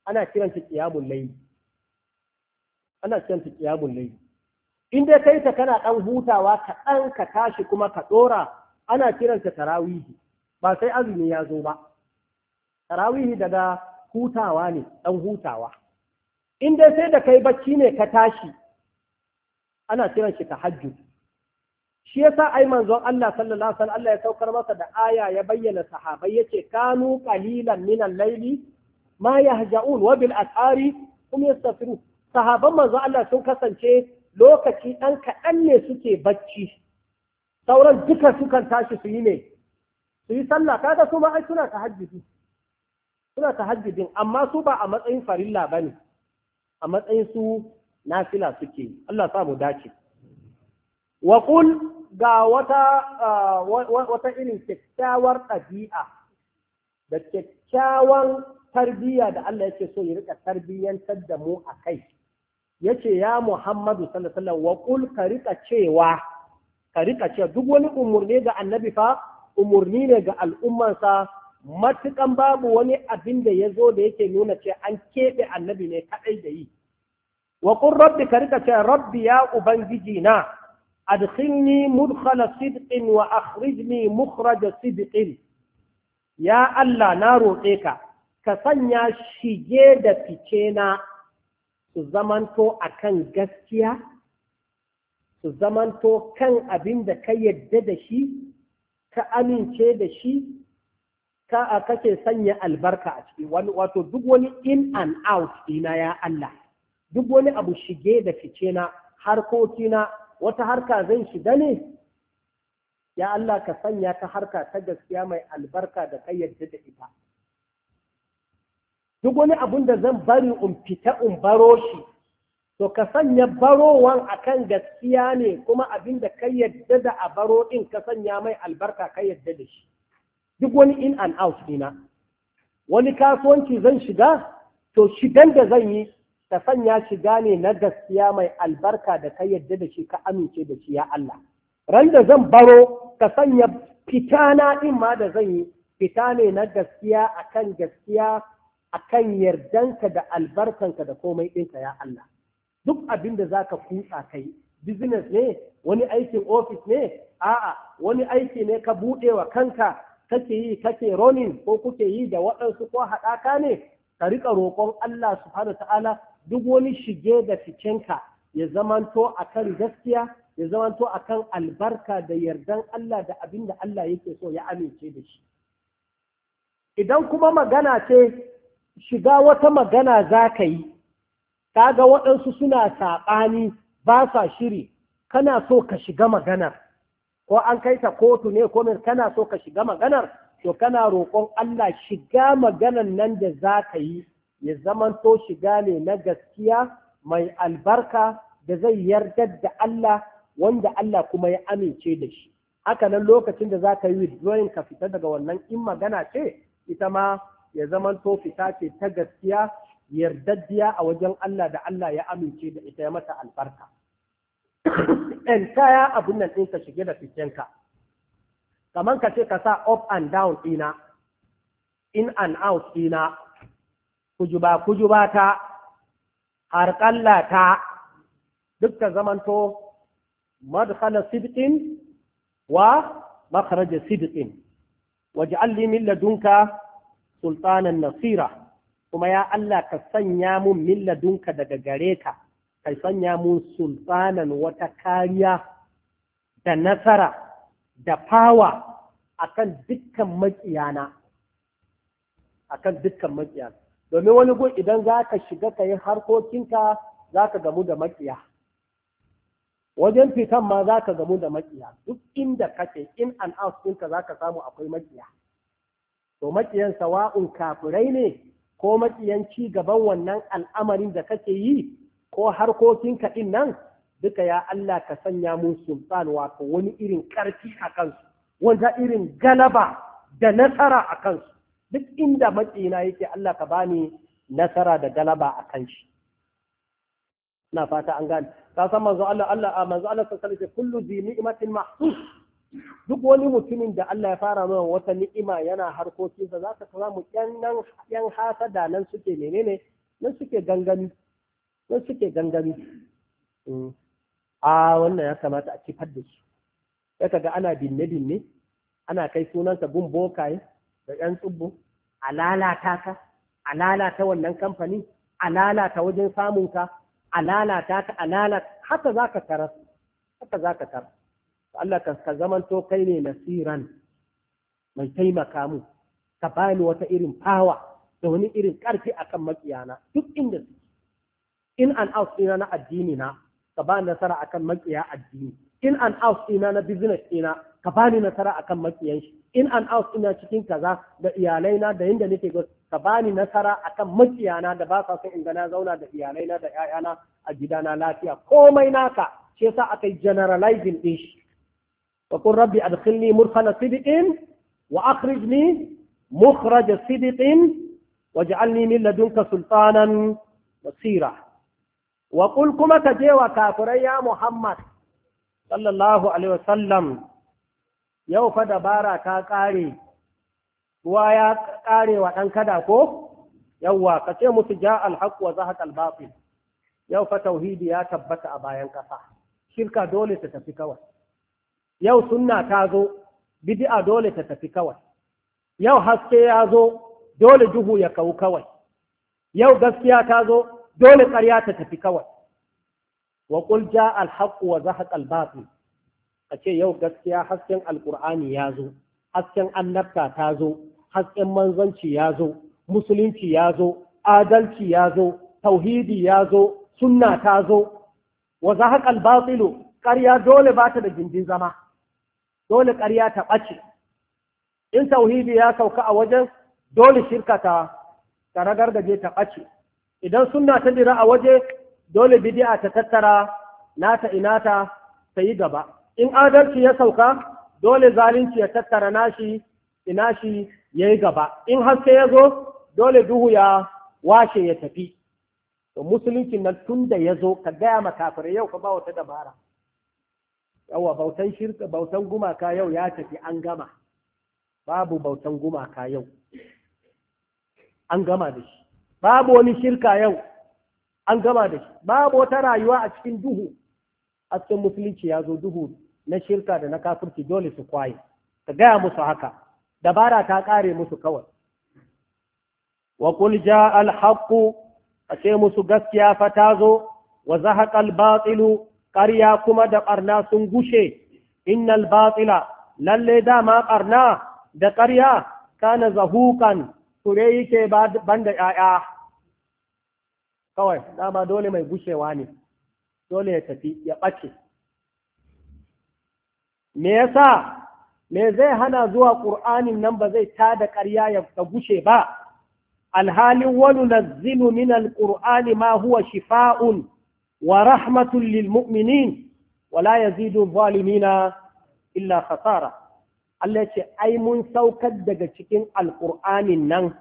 Speaker 1: ana kiranta qiyamul layl ana kiranta qiyamul layl in dai kai ta kana dan hutawa ka dan ka tashi kuma ka dora ana kiranta tarawihi ba sai azumi ya zo ba tarawihi daga hutawa ne ɗan hutawa in dai sai da kai bacci ne ka tashi ana kiran shi tahajjud shi yasa ai manzon Allah sallallahu alaihi Allah ya saukar masa da aya ya bayyana sahabbai yace kanu qalilan min al-layli ma yahja'un wa bil asari hum yastafiru sahabban manzon Allah sun kasance lokaci dan kaɗan ne suke bacci sauran duka sukan tashi su yi ne su yi sallah kaga su ma ai suna tahajjudi suna tahajjudin amma su ba a matsayin farilla ba ne. a matsayin su nafila suke Allah sa dace wa kul ga wata wata irin kyakkyawar ɗabi'a da kyakkyawan tarbiyya da Allah yake so ya rika tarbiyyantar da mu a kai yace ya Muhammadu sallallahu alaihi wasallam wa kul ka rika cewa ka cewa duk wani umurni ga annabi fa umurni ne ga al'ummansa matukan babu wani abin da ya zo da yake nuna ce an keɓe annabi ne kaɗai da yi wa ƙun rabbi ka rika ce rabbi ya ubangiji na adkhilni mudkhala sidqin wa akhrijni mukhraja sidqin ya Allah na roƙe ka ka sanya shige da fice na su zamanto a kan gaskiya su zamanto kan abin da ka yadda da shi ka amince da shi ka kake sanya albarka a ciki wato duk wani in and out dina ya Allah duk wani abu shige da fice na harkoki na wata harka zan shiga ne ya Allah ka sanya ta harka ta gaskiya mai albarka da ka yadda da ita duk wani abun da zan bari in fita in baro shi to ka sanya barowan akan gaskiya ne kuma abin da ka yadda da a baro din ka sanya mai albarka ka yadda da shi duk wani in and out dina wani kasuwanci zan shiga to shigan da zan yi ta sanya shiga ne na gaskiya mai albarka da ka yadda da shi ka amince da shi ya Allah ran da zan baro ka sanya fitana na din ma da zan yi fita ne na gaskiya akan gaskiya akan yardanka da albarkanka da komai ɗinka ya Allah duk abin da zaka kutsa kai business ne wani aikin office ne a'a wani aiki ne ka buɗe wa kanka kake yi kake ronin ko kuke yi da waɗansu ko haɗaka ne ka riƙa roƙon Allah subhanahu ta'ala duk wani shige da ficenka ya zamanto kan gaskiya ya zamanto akan albarka da yardan Allah da abin da Allah yake so ya amince da shi idan kuma magana ce shiga wata magana za ka yi kaga waɗansu suna saɓani ba sa shiri kana so ka shiga maganar ko an kai ta kotu ne ko mai kana so ka shiga maganar to kana roƙon Allah shiga maganar nan da za ka yi ya zamanto shiga ne na gaskiya mai albarka da zai yarda da Allah wanda Allah kuma ya amince da shi haka nan lokacin da za ka yi withdrawing ka fita daga wannan in magana ce ita ma ya zamanto fita ce ta gaskiya yardaddiya a wajen Allah da Allah ya amince da ita ya mata albarka entire abun nan ɗinka shige da ficenka kamar ka ce ka sa up and down ɗina in and out ɗina kujuba kujuba ta harƙalla ta duk ka zamanto madkhala sidqin wa makhraja sidqin waj'al li min ladunka sultanan nasira kuma ya Allah ka sanya mun min ladunka daga gare ka kai sanya mu sultanan wata kariya da nasara da fawa akan dukkan makiyana akan dukkan makiyana domin wani gun idan za shiga ka yi harkokinka za gamu da makiya wajen fitan ma zaka ka gamu da makiya duk inda kake in an out ɗinka za ka samu akwai makiya to makiyan sawa'un kafurai ne ko makiyan ci gaban wannan al'amarin da kake yi ko harkokinka ɗin nan duka ya Allah ka sanya mun sultan wato wani irin ƙarfi a kansu wanda irin galaba da nasara a kansu duk inda matsina yake Allah ka bani nasara da galaba a kan shi na fata an gane ka san manzo Allah Allah manzo Allah sallallahu alaihi kullu zi ni'matin mahsus duk wani mutumin da Allah ya fara mana wata ni'ima yana harkokinsa za ka samu yan nan yan da nan suke menene nan suke gangani. sai suke gangami mm. a wannan ya kamata a kifar da shi sai kaga ana binne-binne ana kai sunansa gun bokaye da yan tsubbu a lalata ka a lalata wannan kamfani a lalata wajen samun ka a lalata ka a lalata haka za ka haka za ka tarar Allah ka zamanto kai ne nasiran mai taimaka mu ka bani wata irin fawa da wani irin ƙarfi akan makiyana duk inda su in an out ɗina na addini na ka ba nasara akan makiya addini in an out ɗina na business ɗina ka ba ni nasara akan makiyan shi in an out ɗina cikin kaza da iyalaina da yanda nake ka ba ni nasara akan makiyana da ba sa son in ga na zauna da iyalaina da ƴaƴana a gidana lafiya komai naka shi yasa aka yi generalizing ɗin shi wa kun rabbi adkhilni murhala sidiqin wa akhrijni mukhraja sidiqin waj'alni min ladunka sultanan basira wa kul kuma ka je wa kafirai ya Muhammad sallallahu alaihi wasallam yau fa dabara ta ƙare, ruwa ya ƙare wa ɗan kada ko yawwa ka ce musu ja alhaq wa zahaqa albatil yau fa tauhidi ya tabbata a bayan kasa shirka dole ta tafi kawai yau sunna ta zo bid'a dole ta tafi kawai yau haske ya zo dole duhu ya kawu kawai yau gaskiya ta zo dole ƙarya ta tafi kawai wa qul jaa al-haqq wa zahaqa al a ce yau gaskiya hasken Alƙur'ani ya zo hasken annabta ta zo hasken manzanci ya zo musulunci ya zo adalci ya zo tauhidi ya zo sunna ta zo wa zahaqa al ilo? ƙarya dole ba ta da gindin zama dole ƙarya ta ɓace in tauhidi ya sauka a wajen dole shirka ta ragar ragargaje ta ɓace idan sunna ta dira a waje dole bidi'a ta tattara nata inata ta yi gaba in adalci ya sauka dole zalunci ya tattara nashi inashi ya yi gaba in haske ya zo dole duhu ya washe ya tafi to musulunci nan tun da ya zo ka gaya makafirai yau ka ba wata dabara yawa bautan shirka bautan gumaka yau ya tafi an gama babu bautan gumaka yau an gama da shi babu wani shirka yau an gama da shi babu wata rayuwa a cikin duhu a cikin musulunci ya zo duhu na shirka da na kafirci dole su kwaye ka gaya musu haka dabara ta kare musu kawai wa kul ja al haqq ashe musu gaskiya fa ta zo wa zahaqa al batilu ƙarya kuma da ɓarna sun gushe innal batila lalle dama ɓarna da ƙarya kana zahukan Ture yake banda ‘ya'ya kawai dama dole mai gushewa ne dole ya tafi ya ɓace me yasa me zai hana zuwa ƙur'anin nan ba zai tada ƙarya ya gushe ba alhalin wani nazzilu min alƙur'ani ma huwa shifa'un wa rahmatun lil mu'minin wala yazidu zalimina illa khasara Allah ce ai mun saukar daga cikin alƙur'anin nan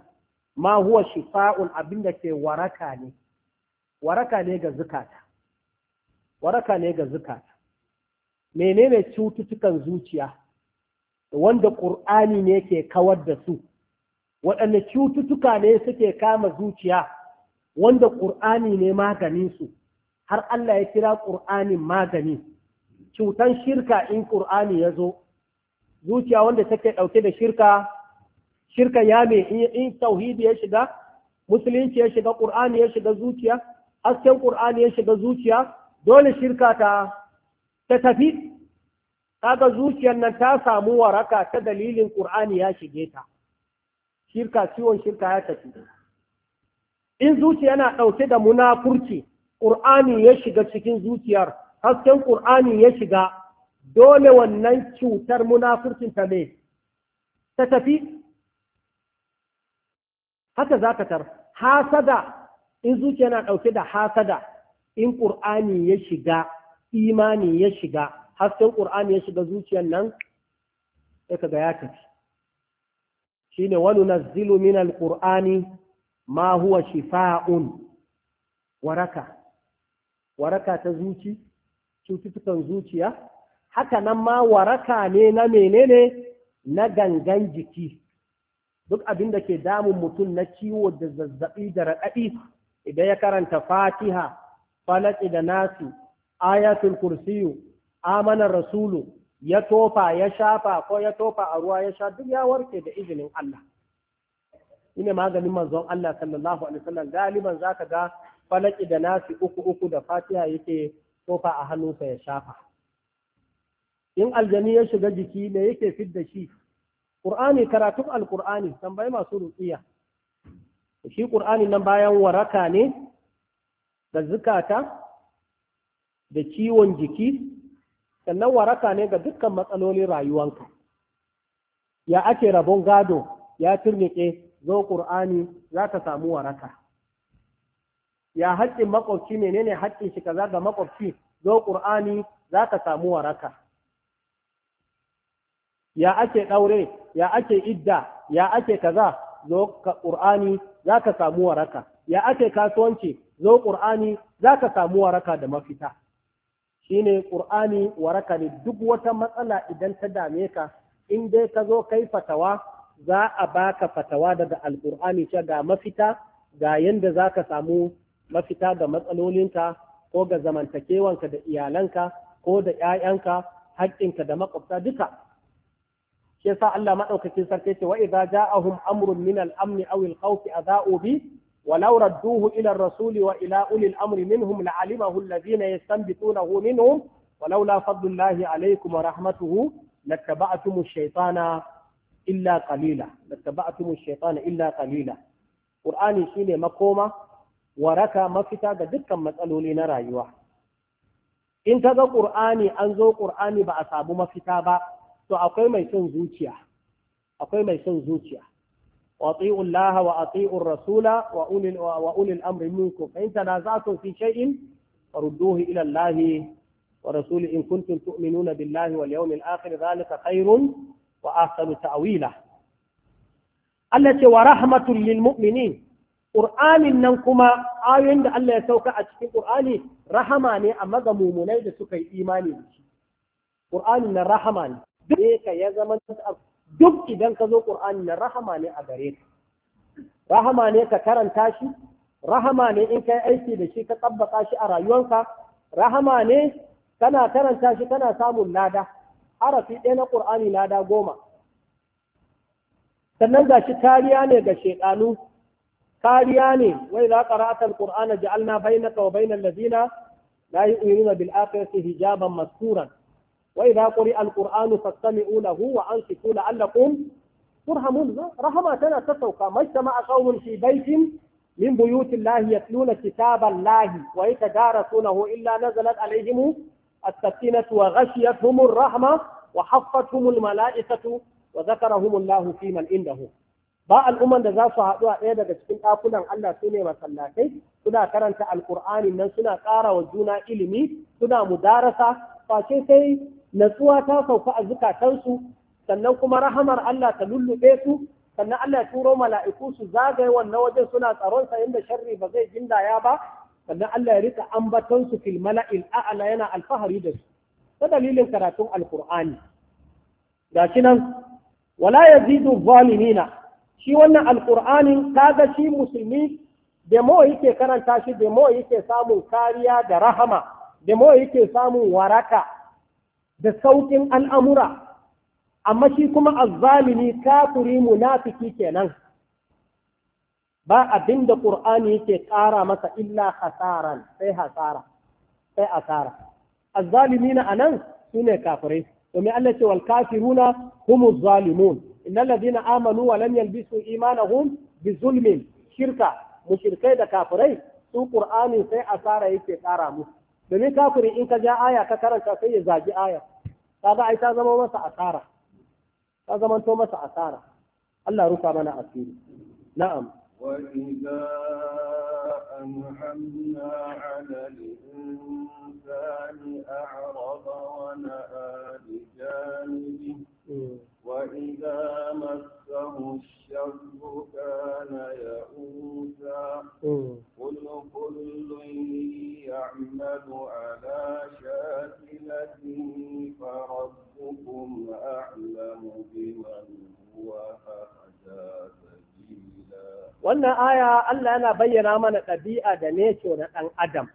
Speaker 1: ma huwa shifa'un abinda ke waraka ne waraka ne ga zukata waraka ne ga zukata menene cututtukan zuciya wanda ƙur'ani ne ke kawar da su waɗanne cututtuka ne suke kama zuciya wanda ƙur'ani ne maganinsu har Allah ya kira ƙur'anin magani cutan shirka in ƙur'ani ya zo zuciya wanda take ɗauke da shirka shirka ya me in tauhidi ya shiga musulunci ya shiga ƙur'ani ya shiga zuciya hasken ƙur'ani ya shiga zuciya dole shirka ta ta tafi kaga zuciyar nan ta samu waraka ta dalilin ƙur'ani ya shige ta shirka ciwon shirka ya tafi in zuciya na ɗauke da munafurci ƙur'ani ya shiga cikin zuciyar hasken ƙur'ani ya shiga dole wannan cutar munafurcin ta ne ta tafi haka za ka tar hasada in zuciya na ɗauke da hasada in ƙur'ani ya shiga imani ya shiga hasken ƙur'ani ya shiga zuciyar nan sai ka ga ya tafi shine wani nazilu min alƙur'ani ma huwa shifa'un waraka waraka ta zuci cututtukan zuciya haka nan ma waraka ne na menene na gangan jiki duk abin da ke damun mutum na ciwo da zazzaɓi da raɗaɗi idan ya karanta fatiha falaki da nasu ayatul kursiyu amanar rasulu ya tofa ya shafa ko ya tofa a ruwa ya sha duk ya warke da izinin Allah ina maganin manzon Allah sallallahu alaihi wasallam galiban zaka ga falaki da nasu uku uku da fatiha yake tofa a hannunsa ya shafa in aljani ya shiga jiki me yake da shi qur'ani karatun alqur'ani tambayi masu ruqiya shi ƙur'ani nan bayan waraka ne da zukata da ciwon jiki sannan waraka ne ga dukkan matsalolin rayuwanka ya ake rabon gado ya turnike zo qur'ani za ka samu waraka ya haƙƙin makwabci menene haƙƙin shi kaza ga makwabci zo ƙur'ani za ka samu waraka ya ake ɗaure ya ake idda ya ake kaza zo ƙur'ani za ka samu waraka ya ake kasuwanci zo ƙur'ani za ka samu waraka da mafita shine ƙur'ani waraka ne duk wata matsala idan ta dame ka in dai ka zo kai fatawa za a baka fatawa daga alƙur'ani ce ga mafita ga yanda za ka samu mafita ga matsalolinka ko ga zamantakewanka da iyalanka ko da ‘ya'yanka haƙƙinka da maƙwabta duka shi yasa Allah madaukakin sarki ce wa idza ja'ahum amrun min al-amn aw al-khawf adha'u bi wa law radduhu ila ar-rasul wa ila uli al-amr minhum la'alimahu alladhina yastanbitunahu minhum wa laula fadlullahi alaykum wa rahmatuhu lattaba'tum ash-shaytana illa qalila lattaba'tum ash-shaytana makoma waraka mafita ga dukkan matsaloli na rayuwa in ta ga qur'ani an zo qur'ani ba a sabu mafita ba to akwai mai son zuciya akwai mai son zuciya wa ati'u Allah wa ati'u rasula wa ulil wa ulil amri minkum fa in tanaza'tum fi shay'in farudduhu ila Allah wa rasul in kuntum tu'minuna billahi wal yawmil akhir dhalika khairun wa ahsanu ta'wila Allah ce wa rahmatul lil mu'minin Ƙur'anin nan kuma ayoyin da Allah ya sauka a cikin Ƙur'ani rahama ne amma ga mumunai da suka yi imani da shi. Ƙur'anin nan rahama ne. ka ya zama duk idan ka zo ƙur'ani na rahama ne a gare ka rahama ne ka karanta shi rahama ne in kai aiki da shi ka tabbata shi a rayuwanka rahama ne kana karanta shi kana samun lada harafi ɗaya na ƙur'ani lada goma sannan ga shi kariya ne ga shekanu kariya ne wai za ka ra'ata al alna ja'alna bainaka wa bainal ladina la yu'minuna bil akhirati hijaban masturan wa idza quri alqur'anu fastami'u lahu wa ansitu la'allakum turhamun rahama tana ta sauka majtama'a qaumun fi baitin min buyutillahi yatluna kitaballahi wa yatadarasunahu illa nazalat alaihim السكينة وغشيتهم الرحمة وحفتهم Wa وذكرهم الله في من عنده ba al'umman da za su haɗu a ɗaya daga cikin ɗakunan Allah sune masallatai suna karanta alƙur'anin nan suna ƙara wa juna ilimi suna mudarasa face sai natsuwa ta sauka a zukatansu sannan kuma rahamar Allah ta lullube su sannan Allah ya turo mala'iku su zagaye wannan wajen suna tsaron sa inda sharri ba zai jindaya ba sannan Allah ya rika ambaton su fil mala'il a'la yana alfahari da su ta dalilin karatun alqur'ani gashi nan wala yazidu zalimina shi wannan alqur'anin kaga shi musulmi demo yake karanta shi demo yake samun kariya da rahama demo yake samun waraka da sauƙin al'amura amma shi kuma azzalimi kafiri munafiki kenan ba abin da ƙur'ani yake ƙara masa illa hasaran sai hasara sai asara azzalimi na a nan su ne kafirai domin Allah ce wal kafiruna kuma zalimun Ina na amanu wa lam yalbisu imanahum bi zulmin shirka mu shirkai da kafirai su ƙur'ani sai asara yake ƙara mu. domin kafiri in ka ja aya ka karanta sai ya zagi aya هذا عيسى زمان مسعى سارة هذا زمان تو مسعى الله رفع منا أسير نعم
Speaker 2: وإذا أنحمنا على الإنسان أعرض ونأى بجانبه وإذا مسه الشر كان يئوسا hmm. قل كل يعمل على شاكلته فربكم أعلم بمن هو أهدى
Speaker 1: wannan aya Allah yana bayyana mana ɗabi'a da neco na ɗan adam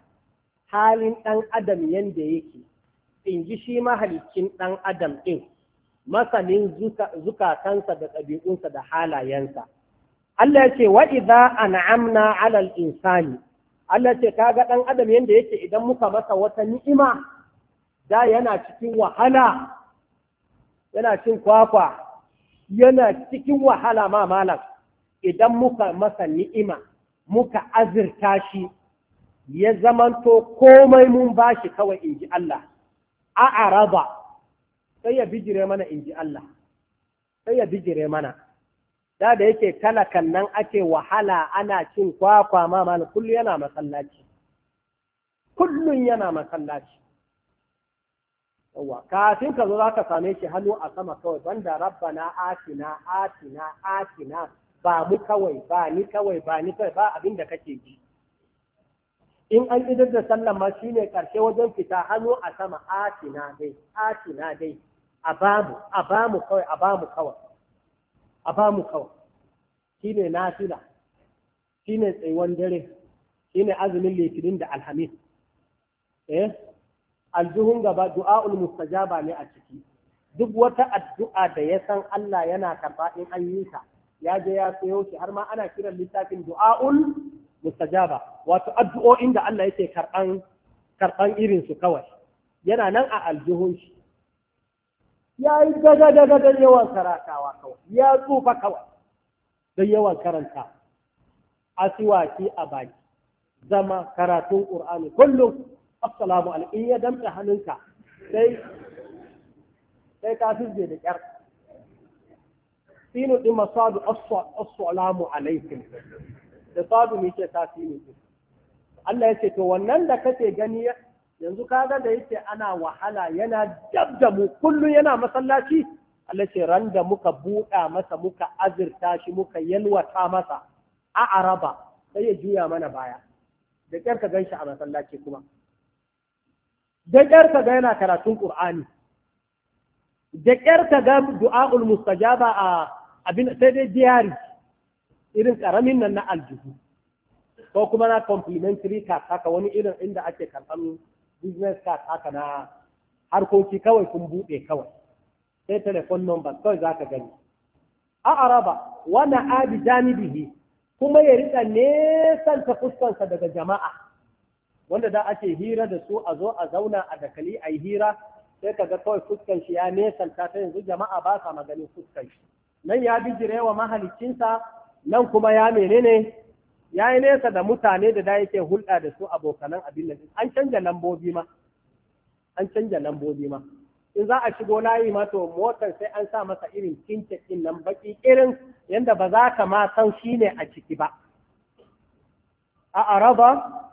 Speaker 1: halin ɗan adam yadda yake in ji shi mahalicin ɗan adam ɗin masanin zukatansa da ɗabi'unsa da halayensa. Allah ya ce, wa'iza amna alal insani, Allah ya ce, kaga ɗan adam yadda yake idan muka masa wata ni'ima, da yana cikin wahala, yana cin kwakwa, yana cikin wahala ma malam, idan muka masa ni'ima, muka azirta shi, ya zamanto komai mun ba shi kawai in ji Allah, a'araba sai ya bijire mana in ji Allah sai ya bijire mana da da yake talakan nan ake wahala ana cin kwakwa ma kullum kullu yana masallaci kullun yana masallaci kafin ka zo za ka same shi hannu a sama kawai banda rabbana atina atina atina ba mu kawai ba ni kawai ba ni kawai ba abin da kake ji in an idar da sallan ma shine ƙarshe wajen fita hannu a sama atina dai atina dai a bamu a kawai a kawai a kawai shine nafila shine dare shine azumin litinin da alhamis eh aljuhun gaba du'a'ul mustajaba ne a ciki duk wata addu'a da ya san Allah yana karba in an yi ta ya je ya sayo shi har ma ana kiran littafin du'a'ul mustajaba wato addu'o'in da Allah yake karɓan karban irin su kawai yana nan a aljuhun shi ya yi daga daga don yawan karatawa kawai ya tsufa kawai don yawan karanta asiwaki a baki zama karatun ƙur'ani kullum assalamu alaikum ya damta hannunka sai sai ka fizge da ƙyar sinu ɗin masadu assalamu alaikum da sadu ne ke ta sinu ɗin Allah ya ce to wannan da kake gani yanzu kaga da yake ana wahala yana dab da mu kullum yana masallaci Allah ce ran da muka buɗa masa muka azirta shi muka yalwata masa a araba sai ya juya mana baya da ƙyar ka ganshi a masallaci kuma da ƙyar ka ga yana karatun Qur'ani da ƙyar ka ga du'a'ul mustajaba a abin sai dai diyari irin karamin nan na aljihu ko kuma na complimentary ka saka wani irin inda ake karɓar business card haka na harkoki kawai sun buɗe kawai sai telefon number kawai za ka gani a araba wani abi janibihi kuma ya rika nesanta fuskansa daga jama'a wanda da ake hira da su a zo a zauna a dakali a yi hira sai kaga kawai fuskan shi ya nesanta ta yanzu jama'a ba sa maganin fuskan shi nan ya bijirewa mahalicinsa nan kuma ya menene ya yi nesa da mutane da da yake hulɗa da su abokanan abin nan an canja lambobi ma an canja lambobi ma in za a shigo layi ma to motar sai an sa masa irin tinket din nan baki irin yanda ba za ka ma san shi a ciki ba a araba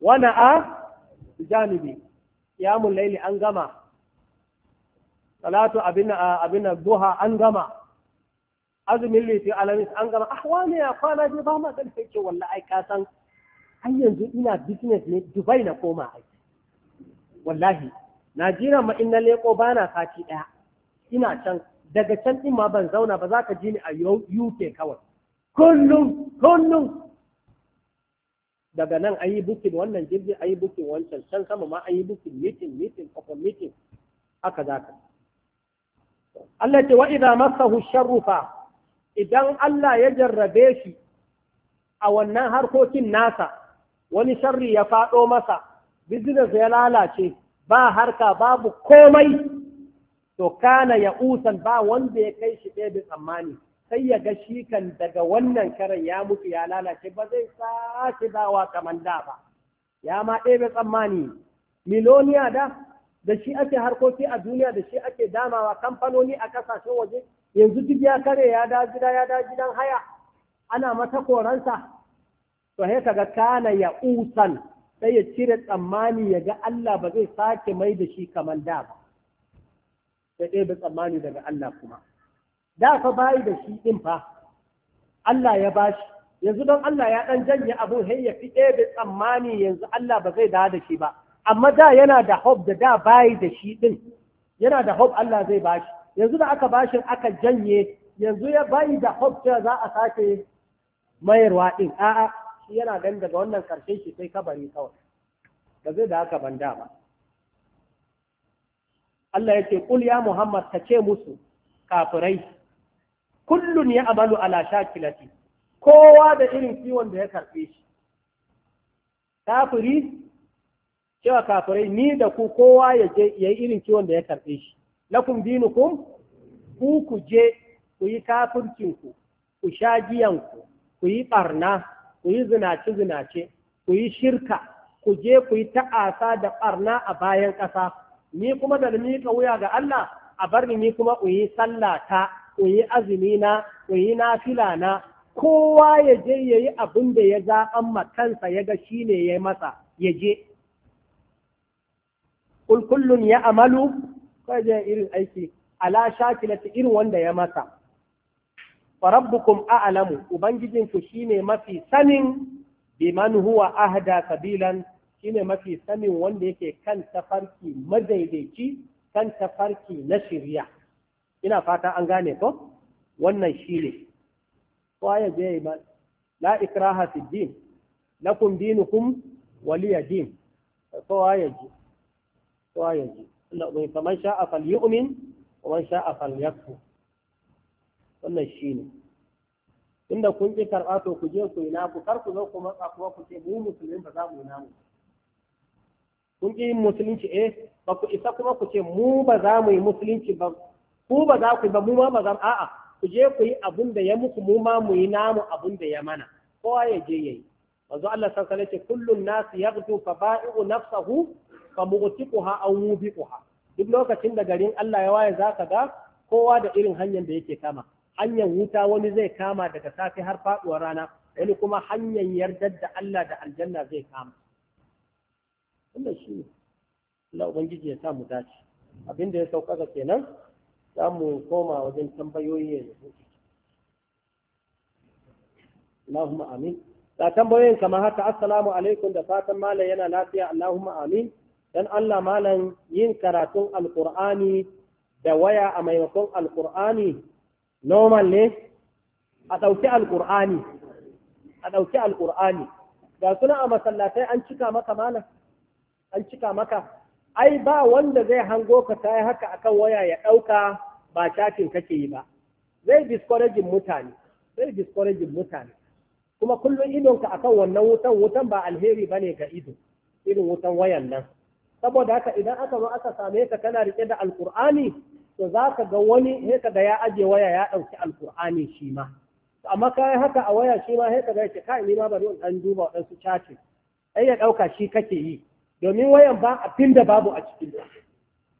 Speaker 1: wani a janibi mun laili an gama salatu abin abin duha an gama azumin litin alamis an gama ah wane ya kwana biyu ba ma ganin ce wallahi ai ka san ai yanzu ina business ne Dubai na koma ai wallahi Najeriya ma in na leko bana sati daya ina can daga can din ma ban zauna ba za ka ji ni a UK kawai
Speaker 2: kullum
Speaker 1: kullum daga nan ayi bukin wannan jirgin ayi bukin wancan can sama ma ayi bukin meeting meeting upon meeting haka za ka Allah ce wa idza massahu sharru fa idan Allah ya jarrabe shi a wannan harkokin nasa wani sharri ya faɗo masa business ya lalace ba harka babu komai to kana ya usan ba wanda ya kai shi ɗaya da tsammani sai ya ga shi kan daga wannan karan ya mutu ya lalace ba zai sake dawa kamar da ba ya ma ɗaya tsammani miloniya da da shi ake harkoki a duniya da shi ake damawa kamfanoni a ƙasashen waje yanzu duk ya kare ya da gida ya da gidan haya ana mata koransa to sai kaga kana ya usan sai ya cire tsammani ya ga Allah ba zai sake mai da shi kamar da ba sai dai ba tsammani daga Allah kuma da fa bayi da shi din fa Allah ya bashi yanzu don Allah ya ɗan janye abu sai ya fi ɗaya da tsammani yanzu Allah ba zai da da shi ba amma da yana da hope da da bayi da shi din. yana da hope Allah zai bashi yanzu da aka bashi aka janye yanzu ya bai da hopta za a sake mayarwa din a'a shi yana ganin daga wannan karshen shi sai kabari kawai ba zai da haka banda ba Allah ya ce kul ya Muhammad ka ce musu kafirai kullun ya amalu ala shakilati kowa da irin kiwon da ya karbe shi kafiri cewa kafirai ni da ku kowa ya je yayi irin kiwon da ya karbe shi lakum dinukum ku ku je ku yi kafircinku ku sha jiyanku ku yi ɓarna ku yi zinace-zinace ku yi shirka ku je ku yi ta'asa da ɓarna a bayan ƙasa ni kuma da miƙa wuya ga Allah a bar ni kuma ku yi sallata ku yi azumi na ku yi nafila na kowa ya je ya yi abin da ya zaɓan makansa kansa ya ga shi ne ya masa ya je. Kul Kullum ya amalu sai je irin aiki ala shakilati irin wanda ya masa farabbukum a'lamu ubangijinku shine mafi sanin biman huwa ahda sabilan shine mafi sanin wanda yake kan tafarki madaidaici kan tafarki na shirya ina fata an gane ko wannan shine ko ya je ba la ikraha fi din lakum dinukum waliya din ko ya je ko ya je. Allah ubai faman sha'a fal yu'min wa man sha'a fal yakfur wannan ne. inda kun ki karɓa to ku je ku yi naku kar ku zo ku matsa kuma ku ce mu musulmin ba za mu yi namu kun ki musulunci eh ba ku isa kuma ku ce mu ba za mu yi musulunci ba ku ba za ku yi ba mu ma ba za mu a'a ku je ku yi abin da ya muku mu ma mu yi namu abin da ya mana kowa ya je yayi wanzu Allah sallallahu alaihi ce kullum nas yaghdu fa ba'i'u nafsahu fa mu'tiquha aw mubiquha duk lokacin da garin Allah ya waye zaka ga kowa da irin hanyar da yake kama hanyar wuta wani zai kama daga safi har faduwar rana wani kuma hanyar yardar da Allah da aljanna zai kama wannan shi Allah ubangiji ya sa mu dace abinda ya sauƙaƙa kenan za mu koma wajen tambayoyi yanzu Allahumma amin ta tambayoyin kamar haka assalamu alaikum da fatan malam yana lafiya Allahumma amin dan Allah malam yin karatun alkur'ani da waya a maimakon alkur'ani normal ne a ɗauki alkur'ani a ɗauki alkur'ani ga suna a masallatai an cika maka malam an cika maka ai ba wanda zai hango ka ta haka akan waya ya ɗauka ba cakin kake yi ba zai discouraging mutane zai discouraging mutane kuma kullum idonka akan wannan wutan wutan ba alheri bane ga ido irin wutan wayan nan saboda haka idan aka zo aka same ka kana rike da alkur'ani to za ka ga wani haka da ya aje waya ya ɗauki alkur'ani shi ma amma kai haka a waya shi ma sai ka ga shi kai ni ma bari in dan duba waɗansu chatin ai ya ɗauka shi kake yi domin wayan ba abin da babu a cikin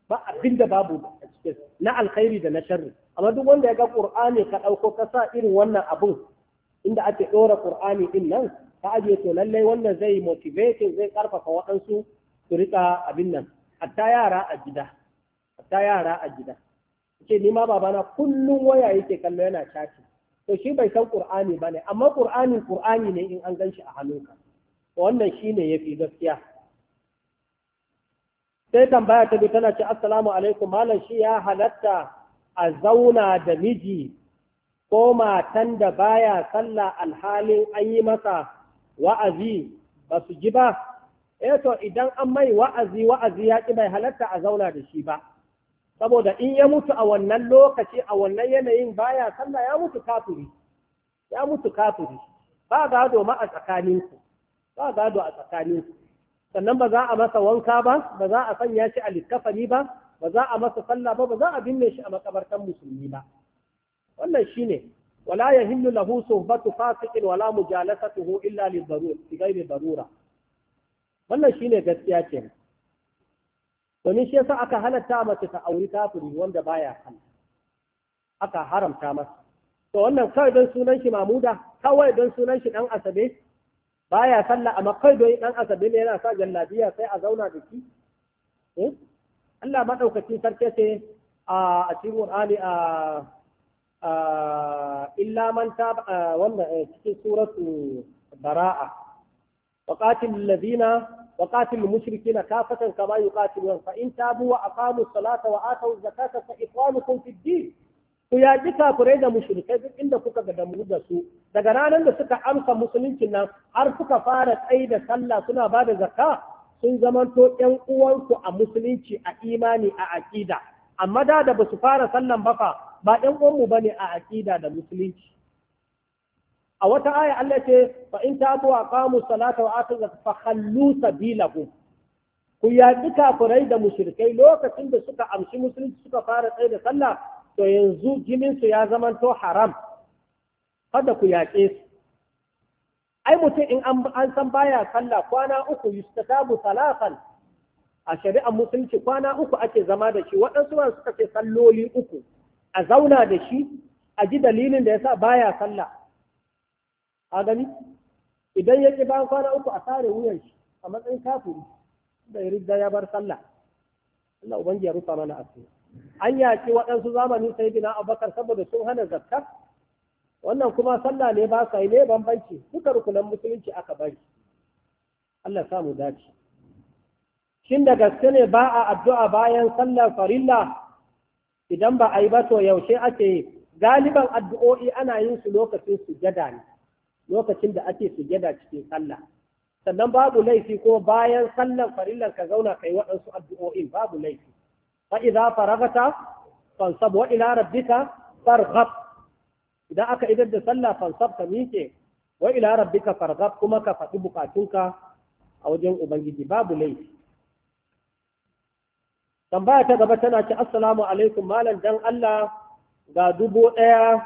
Speaker 1: ba abin da babu a cikin na alkhairi da na sharri amma duk wanda ya ga qur'ani ka ɗauko ka sa irin wannan abun inda ake ɗora qur'ani din nan ka aje to lallai wannan zai motivating zai karfafa waɗansu su rika abin nan hatta yara a gida hatta yara a gida ce ni ma babana kullum waya yake kallo yana caci to shi bai san qur'ani bane amma qur'ani qur'ani ne in an ganshi a hannunka wannan shine yafi gaskiya sai tambaya ta bi tana ce assalamu alaikum malam shi ya halatta a zauna da miji ko matan da baya sallah alhalin an yi masa wa'azi ba su ji ba E to idan an mai wa'azi wa'azi ya ki bai halatta a zauna da shi ba saboda in ya mutu a wannan lokaci a wannan yanayin baya sallah ya mutu kafiri ya mutu kafiri ba gado ma a tsakaninku ba gado a tsakaninku sannan ba za a masa wanka ba ba za a sanya shi a likkafani ba ba za a masa sallah ba ba za a binne shi a makabartan musulmi ba wannan shine wala yahillu lahu suhbatu fasiqin wala mujalasatuhu illa li darura wannan shine gaskiya ce domin shi yasa aka halatta mace ta auri kafiri wanda baya kan aka haramta masa to wannan kawai don sunan shi mamuda kawai don sunan shi dan asabe baya sallah amma kai don dan asabe ne yana sa jallabiya sai a zauna da shi eh Allah madaukakin sarki sai a cikin Qur'ani a إلا من تاب ومن في سورة براءة وقاتل الذين wa qatilul mushrikeena kafatan kama yuqatilun fa in tabu wa aqamu salata wa atu zakata fa ikhwanukum fid din ku yaƙi kafirai da mushrikai duk inda kuka gada damu da su daga ranar da suka amsa musuluncin nan har suka fara tsayi da sallah suna ba da zakka sun zamanto 'yan uwansu a musulunci a imani a aƙida amma da da ba su fara sallan bafa, ba 'yan uwanmu bane a aƙida da musulunci a wata aya Allah ce fa in tabu wa qamu salata wa atu fa khallu sabilahu ku yaƙi kurai da mushrikai lokacin da suka amshi musulunci suka fara tsaye da sallah to yanzu jinin su ya zamanto haram kada ku yaƙe su ai mutum in an san baya sallah kwana uku yustatabu salatan a shari'ar musulunci kwana uku ake zama da shi waɗansu ma suka ce salloli uku a zauna da shi a ji dalilin da yasa baya sallah a gani idan ya ki bayan kwana uku a sare wuyan shi a matsayin kafiri da ya bar sallah Allah ubangi ya rufa mana asiri an yaki waɗansu zamani sai gina Abubakar saboda sun hana zakka wannan kuma sallah ne ba sai ne bambanci duka rukunan musulunci aka bari Allah samu dace shin da gaske ne ba a addu'a bayan sallar farilla idan ba a yi ba to yaushe ake galiban addu'o'i ana yin su lokacin sujada ne lokacin da ake sujada cikin sallah sannan babu laifi ko bayan sallan farillar ka zauna kai waɗansu addu'o'in babu laifi fa idza faragata fansab wa ila rabbika farghab idan aka idar da sallah fansab ka mike wa ila rabbika farghab kuma ka faɗi bukatunka a wajen ubangiji babu laifi tambaya ta gaba tana ce assalamu alaikum malam dan Allah ga dubu ɗaya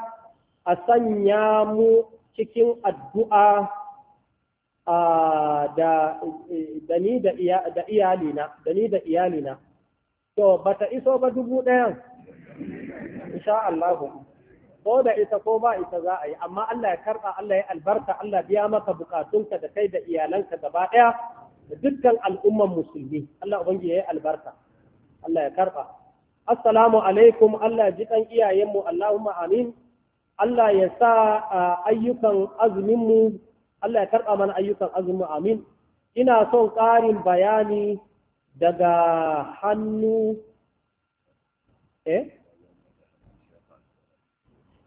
Speaker 1: a sanya mu cikin addu'a da ni da iyalina da ni da iyalina to ba ta iso ba dubu ɗayan insha Allah ko da ita ko ba ita za a yi amma Allah ya karɓa Allah ya albarka Allah biya maka bukatunka da kai da iyalanka gaba ɗaya da dukkan al'umman musulmi Allah ubangiji ya yi albarka Allah ya karɓa assalamu alaikum Allah ji kan iyayenmu Allahumma amin Allah ya sa ayyukan azuminmu Allah ya karɓa mana ayyukan azumin amin ina son ƙarin bayani daga hannu eh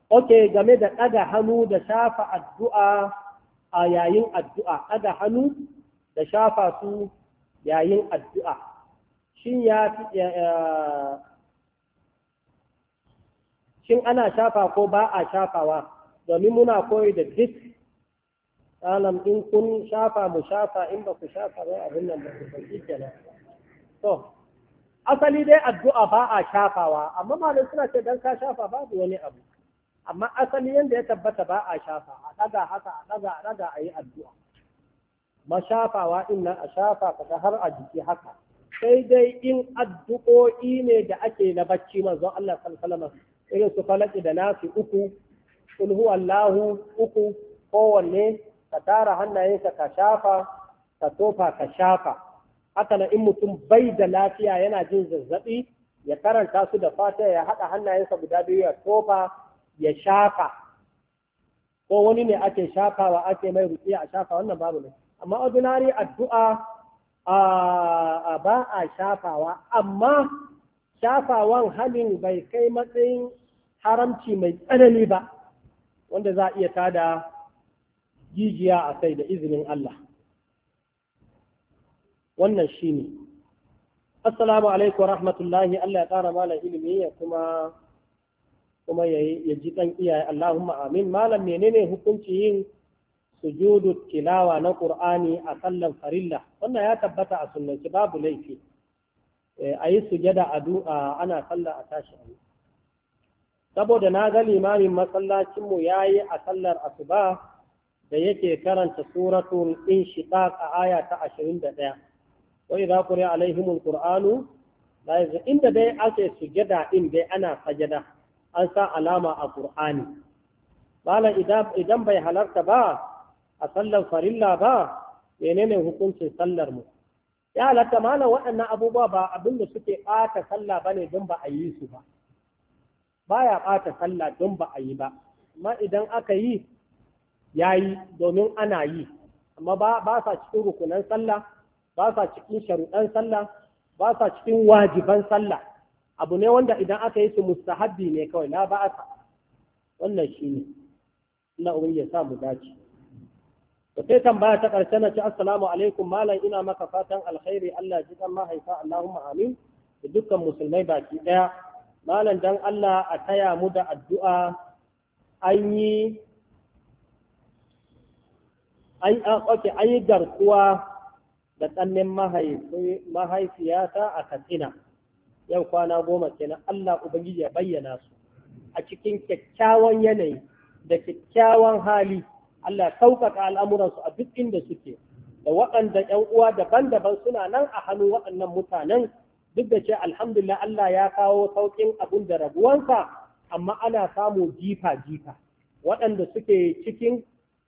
Speaker 1: ok game da ɗaga hannu da shafa addu'a a yayin addu'a ɗaga hannu da shafa su yayin addu'a shin ya fi shin ana shafa ko ba a shafawa domin muna koyi da duk alam in kun shafa mu shafa in ba ku shafa ba abin nan ba ku sauki kenan to asali dai addu'a ba a shafawa amma malam suna ce dan ka shafa babu wani abu amma asali yanda ya tabbata ba a shafa a daga haka a daga a daga a yi addu'a mashafawa in nan a shafa kaga har a jiki haka sai dai in addu'o'i ne da ake na bacci manzon Allah sallallahu alaihi wasallam irin su falaki da nasu uku kul huwa allahu uku kowanne ka tara hannayenka ka shafa ka tofa ka shafa haka na in mutum bai da lafiya yana jin zazzaɓi ya karanta su da fata ya haɗa hannayensa guda biyu ya tofa ya shafa ko wani ne ake shafawa ake mai rukiya a shafa wannan babu ne amma ordinary addu'a a ba a shafawa amma shafawan halin bai kai matsayin haramci mai tsanani ba wanda za a iya tada jijiya a kai da izinin Allah wannan shi ne assalamu alaikum rahmatullahi Allah ya ƙara malam ilimi ya kuma kuma ya ji ɗan iyaye Allahumma amin malam menene hukunci yin sujudu tilawa na Qur'ani a sallan farilla wannan ya tabbata a sunnanci babu laifi eh, a yi sujada a ana sallah a tashi a yi saboda na ga limamin masallacinmu ya yi a sallar asuba da yake karanta in inshiqaq a aya ta 21 wa idza quri'a alaihimul qur'anu la inda dai ake sujada din dai ana sajada an sa alama a ƙur'ani bala idan bai halarta ba a sallar farilla ba menene hukuncin sallar mu ya halarta mana waɗannan abubuwa ba abin da suke ɓata sallah ne don ba a yi su ba baya ɓata sallah don ba a yi ba amma idan aka yi ya yi domin ana yi amma ba sa cikin rukunan sallah ba sa cikin sharuɗan sallah ba sa cikin wajiban sallah abu ne wanda idan aka yi su mustahabbi ne kawai na ba asa wannan shi ne na ubangi ya sa mu dace to sai tambaya ta ƙarshe na ci assalamu alaikum malam ina maka fatan alkhairi Allah ji kan mahaifa Allahumma amin da dukkan musulmai baki ɗaya? malam dan Allah a taya mu da addu'a an yi an ah, an yi garkuwa da tsannin mahaifiyata a katsina yau kwana goma kenan Allah Ubangiji ya bayyana su a cikin kyakkyawan yanayi da kyakkyawan hali Allah sauƙaƙa al'amuransu a duk inda suke da waɗanda ‘yan uwa daban-daban suna nan a hannun waɗannan mutanen duk da ce alhamdulillah Allah ya kawo sauƙin abun da rabuwansa amma ana samu jifa jifa waɗanda suke cikin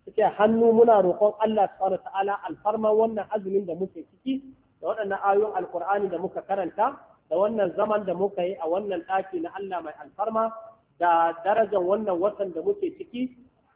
Speaker 1: suke hannu muna roƙon Allah subhanahu ta'ala alfarma wannan azumin da muke ciki da waɗannan ayoyin alkur'ani da muka karanta da wannan zaman da muka yi a wannan ɗaki na Allah mai alfarma da darajar wannan watan da muke ciki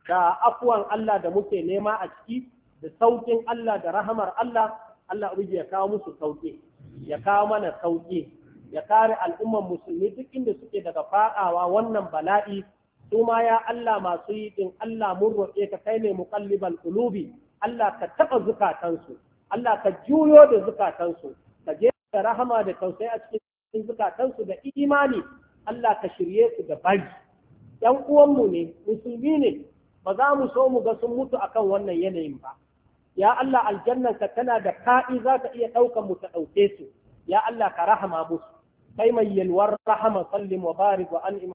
Speaker 1: da afuwan Allah da muke nema a ciki da sauƙin Allah da rahamar Allah Allah ubiji ya kawo musu sauƙi ya kawo mana sauƙi ya kare al'umman musulmi duk inda suke daga faɗawa wannan bala'i su ma ya Allah masu yi din Allah mun roƙe ka kai ne muqallibal qulubi Allah ka taɓa zukatansu Allah ka juyo da zukatansu ka je da rahama da tausayi a cikin zukatansu da imani Allah ka shirye su da bari ‘yan uwanmu ne, musulmi ne, ba za mu so mu ga sun mutu akan wannan yanayin ba. ya Allah aljannarka tana da ka'i za ta iya ɗaukan mu ta ɗauke su ya Allah ka rahama musu kai mai yalwar rahama sallim wa barik wa an'im